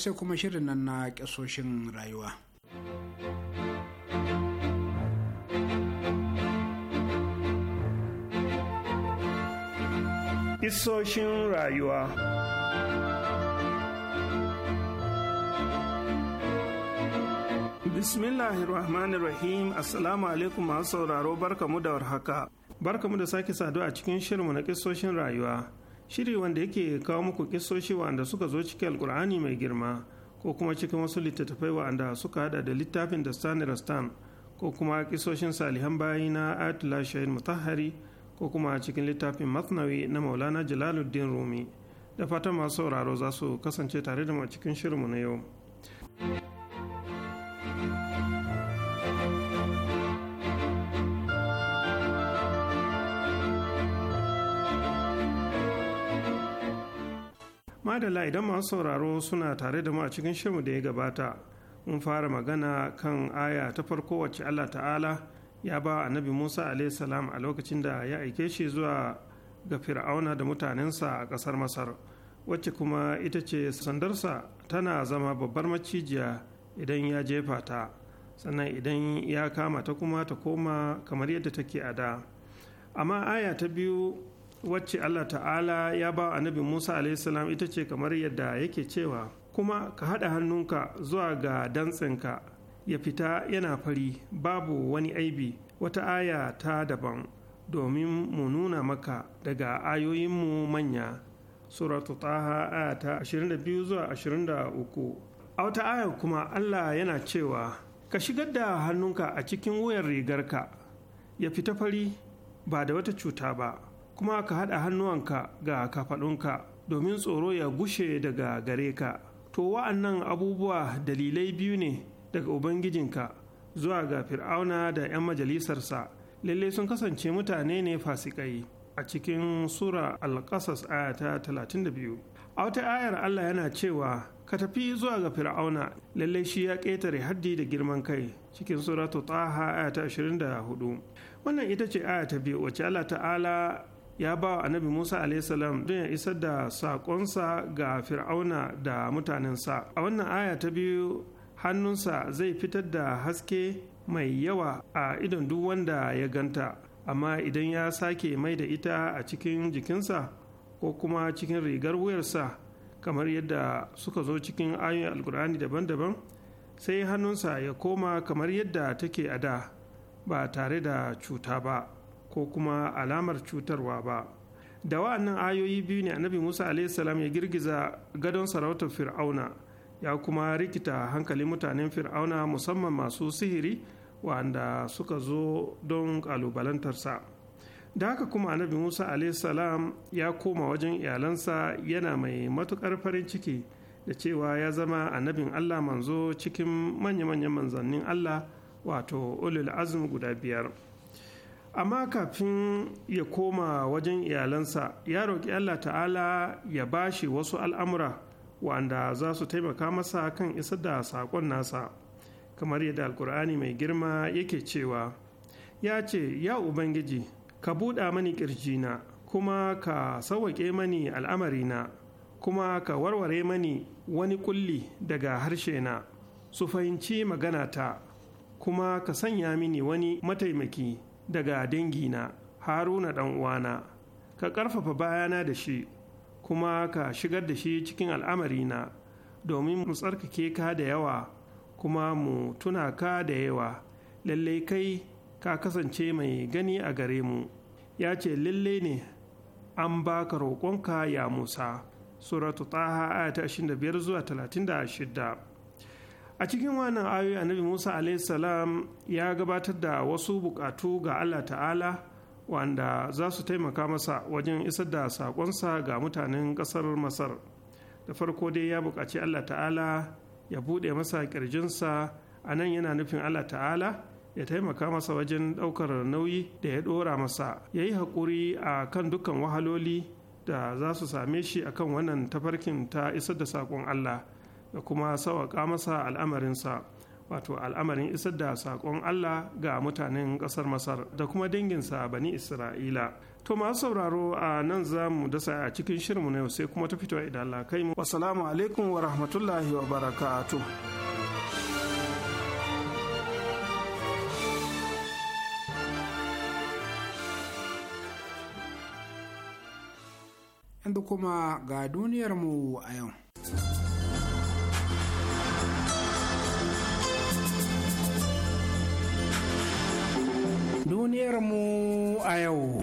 sai kuma shirin nan na kyasoshin rayuwa Isoshin rayuwa Bismillahirrahmanirrahim Assalamu alaikum masu sauraro barkamu da warhaka. Barkamu da sake saduwa a cikin shirinmu na kisoshin rayuwa. Shiri wanda yake kawo muku kisoshi wanda suka zo cikin alkur'ani mai girma ko kuma cikin wasu littattafai wanda suka hada da littafin da Stan Rastan ko kuma kisoshin salihan bayi na Atula Shahid Mutahari ko kuma cikin littafin Masnawi na Maulana Jalaluddin Rumi. Da fatan masu sauraro za su kasance tare da mu cikin shirinmu na yau. madala idan masu sauraro suna tare da mu a cikin shirmu da ya gabata mun fara magana kan aya ta farko wacce allah ta'ala ya ba annabi musa salam a lokacin da ya aike shi zuwa ga fir'auna da mutanensa a ƙasar masar wacce kuma ita ce sandarsa tana zama babbar macijiya idan ya jefa ta sannan idan ya kama ta kuma ta koma kamar yadda take a da amma aya ta biyu wacce Allah ta'ala ya ba annabi Musa alaihissalam ita ce kamar yadda yake cewa kuma ka haɗa hannunka zuwa ga dantsinka ya fita yana fari babu wani aibi wata aya ta daban domin mu nuna maka daga ayoyinmu manya suratu taha aya ta 22 zuwa 23 a wata aya kuma Allah yana cewa ka shigar da hannunka a cikin wuyan rigarka ya fita fari ba da wata cuta ba kuma ka haɗa hannuwanka ga kafaɗunka domin tsoro ya gushe daga gare ka to wa'annan abubuwa dalilai biyu ne daga ubangijinka zuwa ga fir'auna da 'yan majalisarsa lalle sun kasance mutane ne fasikai a cikin sura alƙasas aya ta 32 a wata ayar allah yana cewa ka tafi zuwa ga fir'auna lalle shi ya ƙetare haddi da girman kai cikin suratu taha aya ta 24 wannan ita ce aya ta biyu wacce allah ta'ala ya ba wa annabi musa alaihissalam don ya isar da saƙonsa ga fir'auna da mutanensa a wannan aya ta biyu hannunsa zai fitar da haske mai yawa a idon duk wanda ya ganta amma idan ya sake mai da ita a cikin jikinsa ko kuma cikin rigar wuyarsa kamar yadda suka zo cikin ayoyin alkur'ani daban-daban sai hannunsa ya koma kamar yadda take a da ba tare da cuta ba. ko kuma alamar cutarwa ba da wa'annan ayoyi biyu ne annabi musa salam ya girgiza gadon sarautar fir'auna ya kuma rikita hankalin mutanen fir'auna musamman masu sihiri wa'anda suka zo don kalubalantarsa. da haka kuma annabi musa salam ya koma wajen iyalansa yana mai matukar farin ciki da cewa ya zama annabin allah manzo cikin manya-manyan manzannin allah wato ulul azum guda biyar amma kafin ya koma wajen iyalansa ya roƙi allah ta'ala ya bashi wasu al'amura wanda za su taimaka masa kan isar da saƙon nasa kamar yadda alkur'ani mai girma yake cewa ya ce ya ubangiji ka buɗa mani ƙirjina kuma ka sauwaƙe mani al'amarina kuma ka warware mani wani ƙulli daga harshe na, su fahimci maganata kuma ka sanya mini wani mataimaki daga dangina haruna ɗan uwana ka ƙarfafa bayana da shi kuma ka shigar da shi cikin al'amarina domin mu tsarkake ka da yawa kuma mu tuna ka da yawa lallai kai ka kasance mai gani a gare mu ya ce lalle ne an baka roƙonka ya musa suratu taha ta 25 zuwa 36 a cikin wannan ayoyi annabi musa salam ya gabatar da wasu bukatu ga allah ta'ala wanda za su taimaka masa wajen isar da saƙonsa ga mutanen ƙasar masar da farko dai ya buƙaci allah ta'ala ya buɗe masa ƙirjinsa a nan yana nufin allah ta'ala ya taimaka masa wajen ɗaukar nauyi da ya ɗora masa ya yi haƙuri a kan dukkan wahaloli da za su same shi akan wannan tafarkin ta isar da saƙon allah da kuma sawaƙa masa al'amarinsa wato al'amarin isar da saƙon Allah ga mutanen ƙasar Masar da kuma danginsa bani Isra'ila. To masu sauraro a nan za mu dasa a cikin shirinmu na yau sai kuma ta fito idan Allah kai mu. Wasalamu alaikum wa rahmatullahi wa barakatu. Yanzu kuma ga duniyarmu a yau. duniyarmu a yau.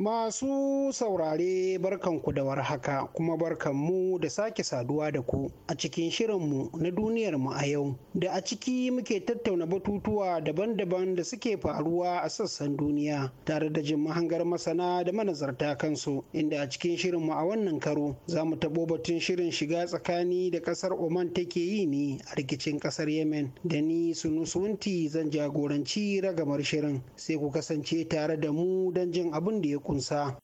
Masu saurare barkan ku da warhaka kuma barkanmu da sake saduwa da ku a cikin shirinmu na duniyarmu a yau da a ciki muke tattauna batutuwa daban-daban da suke faruwa a sassan duniya tare da jin mahangar masana da manazarta kansu inda a cikin shirinmu a wannan karo za mu taɓo batun shirin shiga tsakani da ƙasar Oman take yi ne a rikicin ƙasar Yemen da ni su sunusunti zan jagoranci ragamar shirin sai ku kasance tare da mu don jin abin da ya kunsa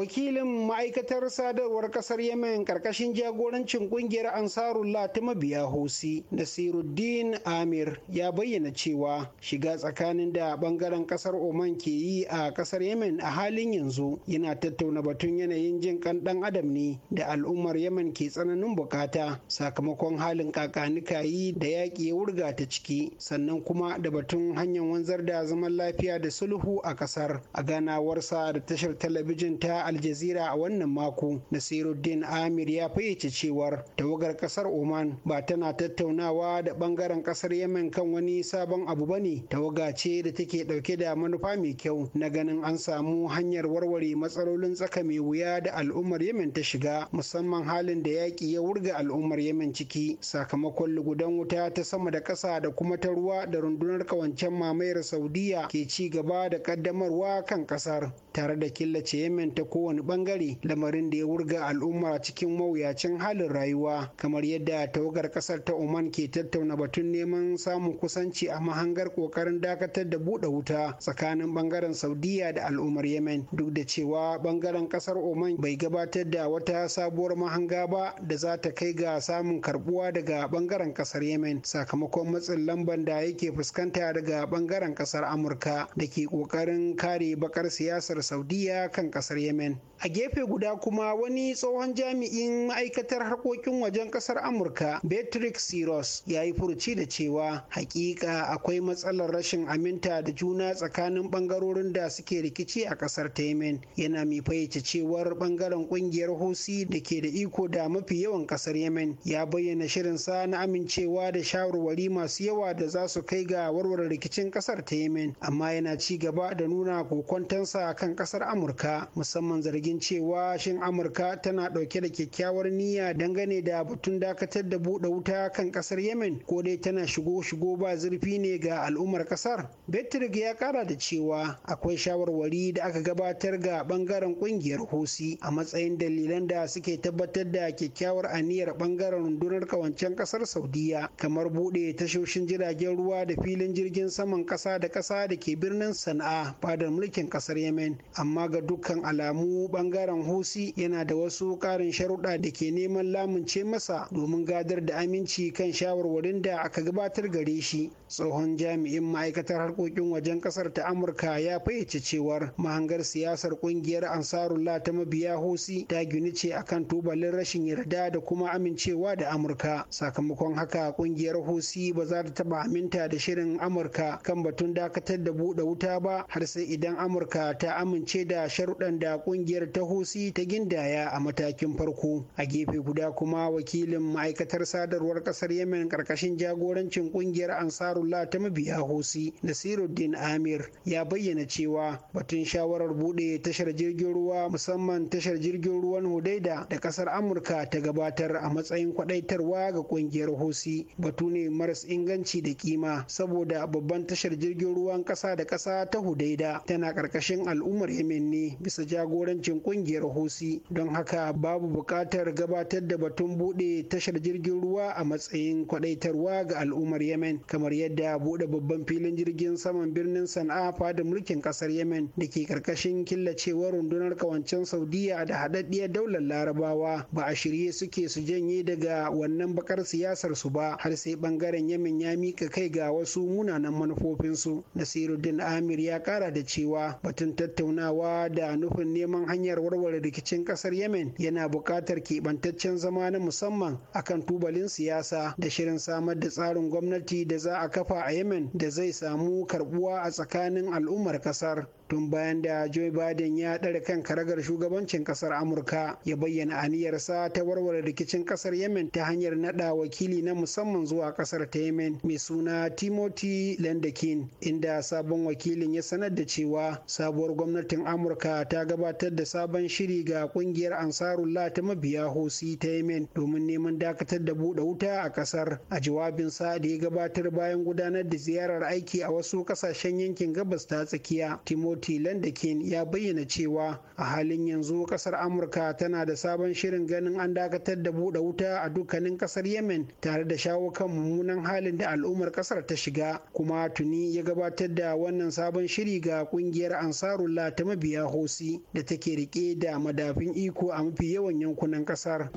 wakilin ma'aikatar sadarwar kasar yemen karkashin jagorancin kungiyar ansarullah ta mabiya hosi nasiruddin amir ya bayyana cewa shiga tsakanin da bangaren kasar oman ke yi a kasar yemen a halin yanzu yana tattauna batun yanayin jin kan dan adam ne da al'ummar yemen ke tsananin bukata sakamakon halin kakanika yi da yaƙi ya wurga ta ciki sannan kuma da batun hanyar wanzar da zaman lafiya da sulhu a kasar a ganawarsa da tashar talabijin ta aljazira a wannan mako nasiruddin amir ya fayyace cewar tawagar kasar oman ba tana tattaunawa da bangaren kasar yemen kan wani sabon abu ba ne tawaga ce da take dauke da manufa mai kyau na ganin an samu hanyar warware matsalolin tsaka mai wuya da al'ummar yemen ta shiga musamman halin da yaƙi ya wurga al'ummar yemen ciki sakamakon lugudan wuta ta sama da ƙasa da kuma ta ruwa da rundunar ƙawancen mamayar saudiya ke ci gaba da ƙaddamarwa kan ƙasar tare da killace yemen ta ko kowane bangare lamarin da ya wurga al'umma cikin mawuyacin halin rayuwa kamar yadda tawagar kasar ta oman ke tattauna batun neman samun kusanci a mahangar kokarin dakatar da buɗe wuta tsakanin bangaren saudiya da al'ummar yemen duk da cewa bangaren kasar oman bai gabatar da wata sabuwar mahanga ba da za ta kai ga samun karbuwa daga bangaren kasar yemen sakamakon matsin lamban da yake fuskanta daga bangaren kasar amurka da ke kokarin kare bakar siyasar saudiya kan kasar yemen Amen. a gefe guda kuma wani tsohon jami'in ma'aikatar harkokin wajen kasar amurka beatrix siros ya yi furuci da cewa hakika akwai matsalar rashin aminta da juna tsakanin bangarorin da suke rikici a kasar ta yemen yana mai fayyace cewar bangaren kungiyar hosi da ke da iko da mafi yawan kasar yemen ya bayyana shirinsa na amincewa da shawarwari masu yawa da za su kai ga warware rikicin kasar ta yemen amma yana ci gaba da nuna kokwantansa kan kasar amurka musamman zargin jirgin cewa shin amurka tana ɗauke da kyakkyawar niyya dangane da batun dakatar da buɗe wuta kan ƙasar yemen ko dai tana shigo shigo ba zurfi ne ga al'ummar ƙasar betrick ya ƙara da cewa akwai shawarwari da aka gabatar ga ɓangaren ƙungiyar husi a matsayin dalilan da suke tabbatar da kyakkyawar aniyar ɓangaren rundunar ƙawancen ƙasar saudiya kamar buɗe tashoshin jiragen ruwa da filin jirgin saman ƙasa da ƙasa da ke birnin sana'a fadar mulkin ƙasar yemen amma ga dukkan alamu bangaren husi yana da wasu karin sharuɗa da ke neman lamunce masa domin gadar da aminci kan shawarwarin da aka gabatar gare shi tsohon jami'in ma'aikatar harkokin wajen kasar ta amurka ya fayyace cewar mahangar siyasar kungiyar ansarullah ta mabiya husi ta gini ce kan tubalin rashin yarda da kuma amincewa da amurka sakamakon haka kungiyar husi ba za ta taba aminta da shirin amurka kan batun dakatar da buɗe wuta ba har sai idan amurka ta amince da sharuɗan da kungiyar ta hosi ta gindaya a matakin farko a gefe guda kuma wakilin ma'aikatar sadarwar kasar yemen karkashin jagorancin kungiyar ansarullah ta mabiya hosi nasiruddin amir ya bayyana cewa batun shawarar bude tashar jirgin ruwa musamman tashar jirgin ruwan hudaida da kasar amurka ta gabatar a matsayin kwadaitarwa ga kungiyar hosi batu ne maras inganci da kima saboda babban tashar jirgin ruwan kasa da kasa ta hudaida tana karkashin al'ummar yemen ne bisa jagorancin Ƙungiyar kungiyar Hosi don haka babu buƙatar gabatar da batun buɗe tashar jirgin ruwa a matsayin kwadaitarwa ga al'ummar Yemen kamar yadda buɗe babban filin jirgin saman birnin Sana'a fada mulkin ƙasar Yemen da ke ƙarƙashin killacewar rundunar kawancen Saudiya da haɗaɗɗiyar daular Larabawa ba a shirye suke su janye daga wannan bakar siyasar su ba har sai bangaren Yemen ya mika kai ga wasu munanan manufofinsu. Nasiruddin Amir ya ƙara da cewa batun tattaunawa da nufin neman hanyar hanyar warware rikicin kasar yemen yana buƙatar keɓantaccen zama na musamman akan tubalin siyasa da shirin samar da tsarin gwamnati da za a kafa a yemen da zai samu karbuwa a tsakanin al'ummar kasar tun bayan da Joe Biden ya ɗare kan karagar shugabancin ƙasar Amurka ya bayyana aniyarsa ta warware rikicin ƙasar Yemen ta hanyar naɗa wakili na musamman zuwa ƙasar ta Yemen mai suna Timothy Lendekin inda sabon wakilin ya sanar da cewa sabuwar gwamnatin Amurka ta gabatar da sabon shiri ga ƙungiyar Ansarullah ta mabiya Hosi ta Yemen domin neman dakatar da buɗe wuta a ƙasar a jawabinsa da ya gabatar bayan gudanar da ziyarar aiki a wasu ƙasashen yankin gabas ta tsakiya. Timothy tilan da ken ya bayyana cewa a halin yanzu kasar amurka tana da sabon shirin ganin an dakatar da buɗe wuta a dukkanin kasar yemen tare da shawo kan mummunan halin da al'ummar kasar ta shiga kuma tuni ya gabatar da wannan sabon shiri ga kungiyar ansarullah ta mabiya hosi da take rike da madafin iko a mafi yawan yankunan kasar.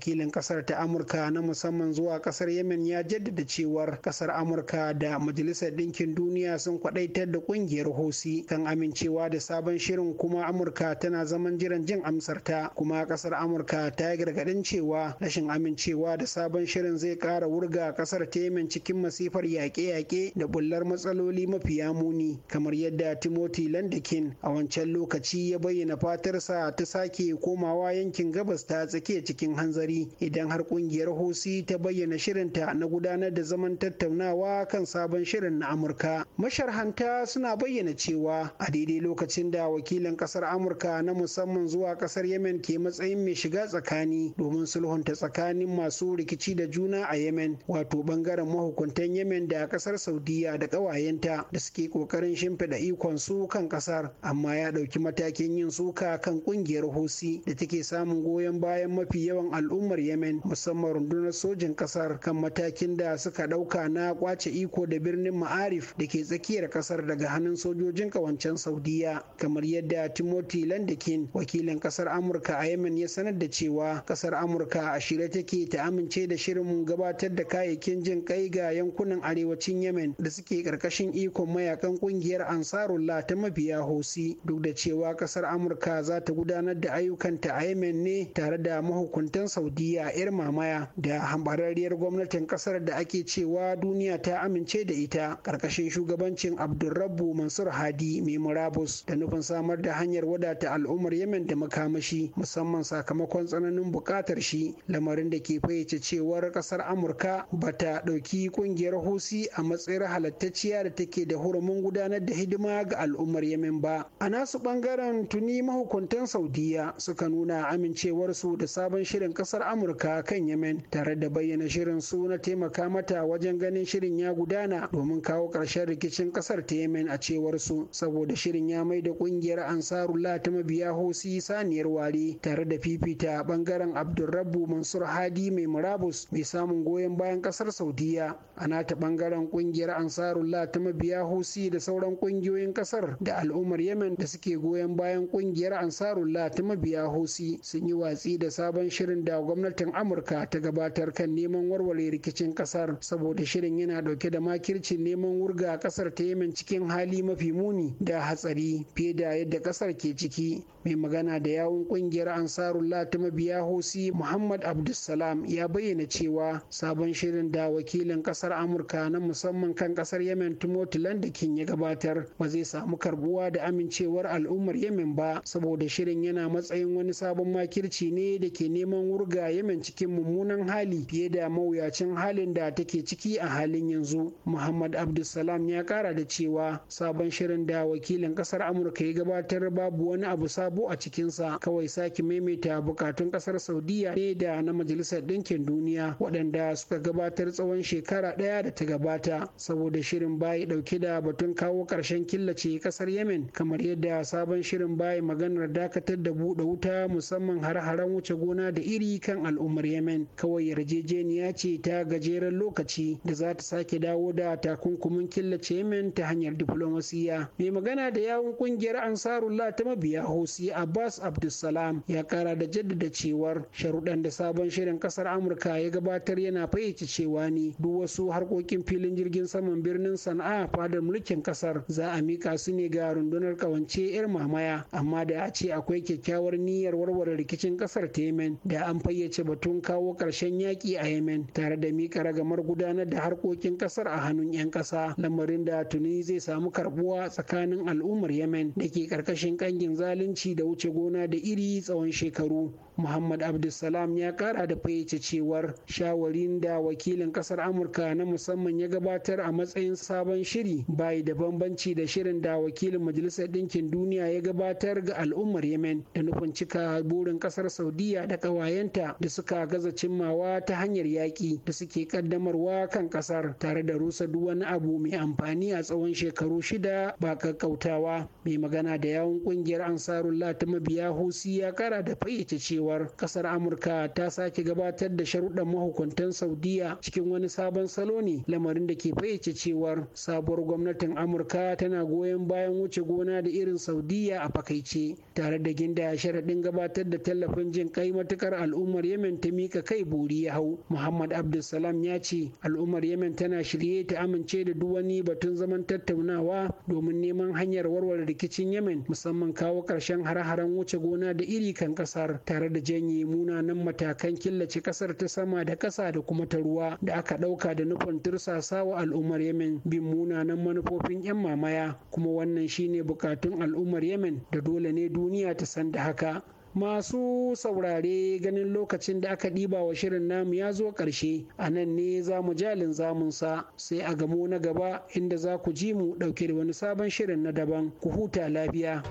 wakilin kasar ta amurka na musamman zuwa kasar yemen ya jaddada cewar kasar amurka da majalisar ɗinkin duniya sun kwadaitar da ƙungiyar hosi kan amincewa da sabon shirin kuma amurka tana zaman jiran jin amsarta kuma kasar amurka ta yi gargaɗin cewa rashin amincewa da sabon shirin zai ƙara wurga kasar ta yemen cikin masifar yaƙe-yaƙe da bullar matsaloli mafi muni kamar yadda timothy landakin a wancan lokaci ya bayyana fatarsa ta sake komawa yankin gabas ta tsakiya cikin hanzari idan har kungiyar hosi ta bayyana shirinta na gudanar da zaman tattaunawa kan sabon shirin na amurka masharhanta suna bayyana cewa a daidai lokacin da wakilin kasar amurka na musamman zuwa kasar yemen ke matsayin mai shiga tsakani domin sulhunta tsakanin masu rikici da juna a yemen wato bangaren mahukuntan yemen da kasar saudiya da kawayenta da suke kokarin shimfida ikon su kan kasar amma ya ɗauki matakin yin suka kan kungiyar hosi da take samun goyon bayan mafi yawan al'umma al'ummar yemen musamman rundunar sojin kasar kan matakin da suka dauka na kwace iko da birnin ma'arif da ke tsakiyar kasar daga hannun sojojin kawancen saudiya kamar yadda timothy landakin wakilin kasar amurka a yemen ya sanar da cewa kasar amurka a shirye take ta amince da shirin gabatar da kayayyakin jin kai ga yankunan arewacin yemen da suke karkashin ikon mayakan kungiyar ansarullah ta mabiya hosi duk da cewa kasar amurka za ta gudanar da ayyukanta a yemen ne tare da mahukuntan saudiya saudiya yar mamaya da hambarariyar gwamnatin kasar da ake cewa duniya ta amince da ita karkashin shugabancin abdulrabbu mansur hadi mai murabus da nufin samar da hanyar wadata al'ummar yemen da makamashi musamman sakamakon tsananin buƙatar shi lamarin da ke fayyace cewar kasar amurka ba ta ɗauki ƙungiyar husi a matsayin halattacciya da take da hurumin gudanar da hidima ga al'ummar yemen ba a nasu ɓangaren tuni mahukuntan saudiya suka nuna amincewarsu da sabon shirin kasar kasar amurka kan yemen tare da bayyana shirin su na taimaka mata wajen ganin shirin ya gudana domin kawo ƙarshen rikicin kasar ta yemen a cewar su saboda shirin ya mai da kungiyar ansarullah ta mabiya hosi saniyar ware tare da fifita bangaren abdulrabu mansur hadi mai murabus mai samun goyon bayan kasar saudiya a nata bangaren ƙungiyar ansarullah ta mabiya hosi da sauran ƙungiyoyin kasar da al'ummar yemen da suke goyon bayan ƙungiyar ansarullah ta mabiya hosi sun yi watsi da sabon shirin da a gwamnatin amurka ta gabatar kan neman warware rikicin kasar saboda shirin yana dauke da makircin neman wurga kasar ta yemen cikin hali mafi muni da hatsari fiye da yadda kasar ke ciki mai magana da yawun kungiyar ansarullah ta mabiya hosi muhammad abdulsalam ya bayyana cewa sabon shirin da wakilin kasar amurka na musamman kan kasar yemen timothy landakin ya gabatar ba zai samu karbuwa da amincewar al'ummar yemen ba saboda shirin yana matsayin wani sabon makirci ne da ke neman wurga yemen cikin mummunan hali fiye da mawuyacin halin da take ciki a halin yanzu muhammad abdulsalam ya kara da cewa sabon shirin da wakilin kasar amurka ya gabatar babu wani abu sabon sabo a cikinsa kawai sake maimaita bukatun kasar saudiya ne da na majalisar ɗinkin duniya waɗanda suka gabatar tsawon shekara ɗaya da ta gabata saboda shirin bayi ɗauke da batun kawo ƙarshen killace ƙasar yemen kamar yadda sabon shirin bayi maganar dakatar da buɗe wuta musamman har-haren wuce gona da iri kan al'ummar yemen kawai yarjejeniya ce ta gajeren lokaci da za ta sake dawo da takunkumin killace yemen ta hanyar diflomasiya mai magana da yawun ƙungiyar ansarullah ta mabiya hosi almajlisi abbas abdulsalam ya kara da jaddada cewar sharuɗan da sabon shirin ƙasar amurka ya gabatar yana fayyace cewa ne duk wasu harkokin filin jirgin saman birnin sana'a fadar mulkin ƙasar. za a mika su ne ga rundunar kawance 'yar mamaya amma da a ce akwai kyakkyawar niyyar warware rikicin ƙasar ta yemen da an fayyace batun kawo ƙarshen yaƙi a yemen tare da mika ragamar gudanar da harkokin ƙasar a hannun 'yan ƙasa lamarin da tuni zai samu karbuwa tsakanin al'ummar yemen da ke ƙarƙashin ƙangin zalunci da wuce gona da iri tsawon shekaru muhammad abdulsalam ya kara da fayyace cewar shawarin da wakilin kasar amurka na musamman ya gabatar a matsayin sabon shiri bai da bambanci da shirin da wakilin majalisar ɗinkin duniya ya gabatar ga al'ummar yemen da nufin cika burin kasar saudiya da ƙawayenta da suka gaza cimmawa ta hanyar yaƙi da suke kaddamarwa kan kasar tare da rusa duk wani abu mai amfani a tsawon shekaru shida ba kakkautawa mai magana da yawun ƙungiyar ansarullah ta mabiya husi ya kara da fayyace cewa cewar kasar amurka ta sake gabatar da sharuɗan mahukuntan saudiya cikin wani sabon salo ne lamarin da ke fayyace cewar sabuwar gwamnatin amurka tana goyon bayan wuce gona da irin saudiya a fakaice tare da gindaya sharaɗin gabatar da tallafin jin kai matukar al'ummar yemen ta mika kai buri ya hau muhammad abdulsalam ya ce al'ummar yemen tana shirye ta amince da duk wani batun zaman tattaunawa domin neman hanyar warware rikicin yemen musamman kawo ƙarshen hare-haren wuce gona da iri kan ƙasar tare da janye munanan matakan killace kasar ta sama da kasa da kuma ta ruwa da aka ɗauka da nufin tursasa wa al'ummar yemen bin munanan manufofin 'yan mamaya kuma wannan shine bukatun al'ummar yemen da dole ne duniya ta san da haka masu saurare ganin lokacin da aka ɗiba wa shirin namu ya zo ƙarshe a nan ne za mu jalin zamunsa sai a gamo na gaba inda za ku ji mu ɗauke da wani sabon shirin na daban ku huta lafiya.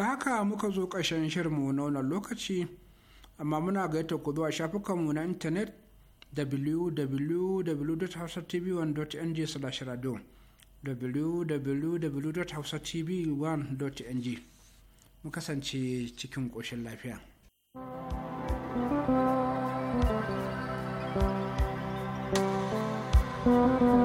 da haka muka zo ƙashen shirinmu na wannan lokaci amma muna gaita ku zuwa shafukanmu na intanet www.hausatv1.ng slash radio www.hausatv1.ng mu kasance cikin ƙoshin lafiya. thank you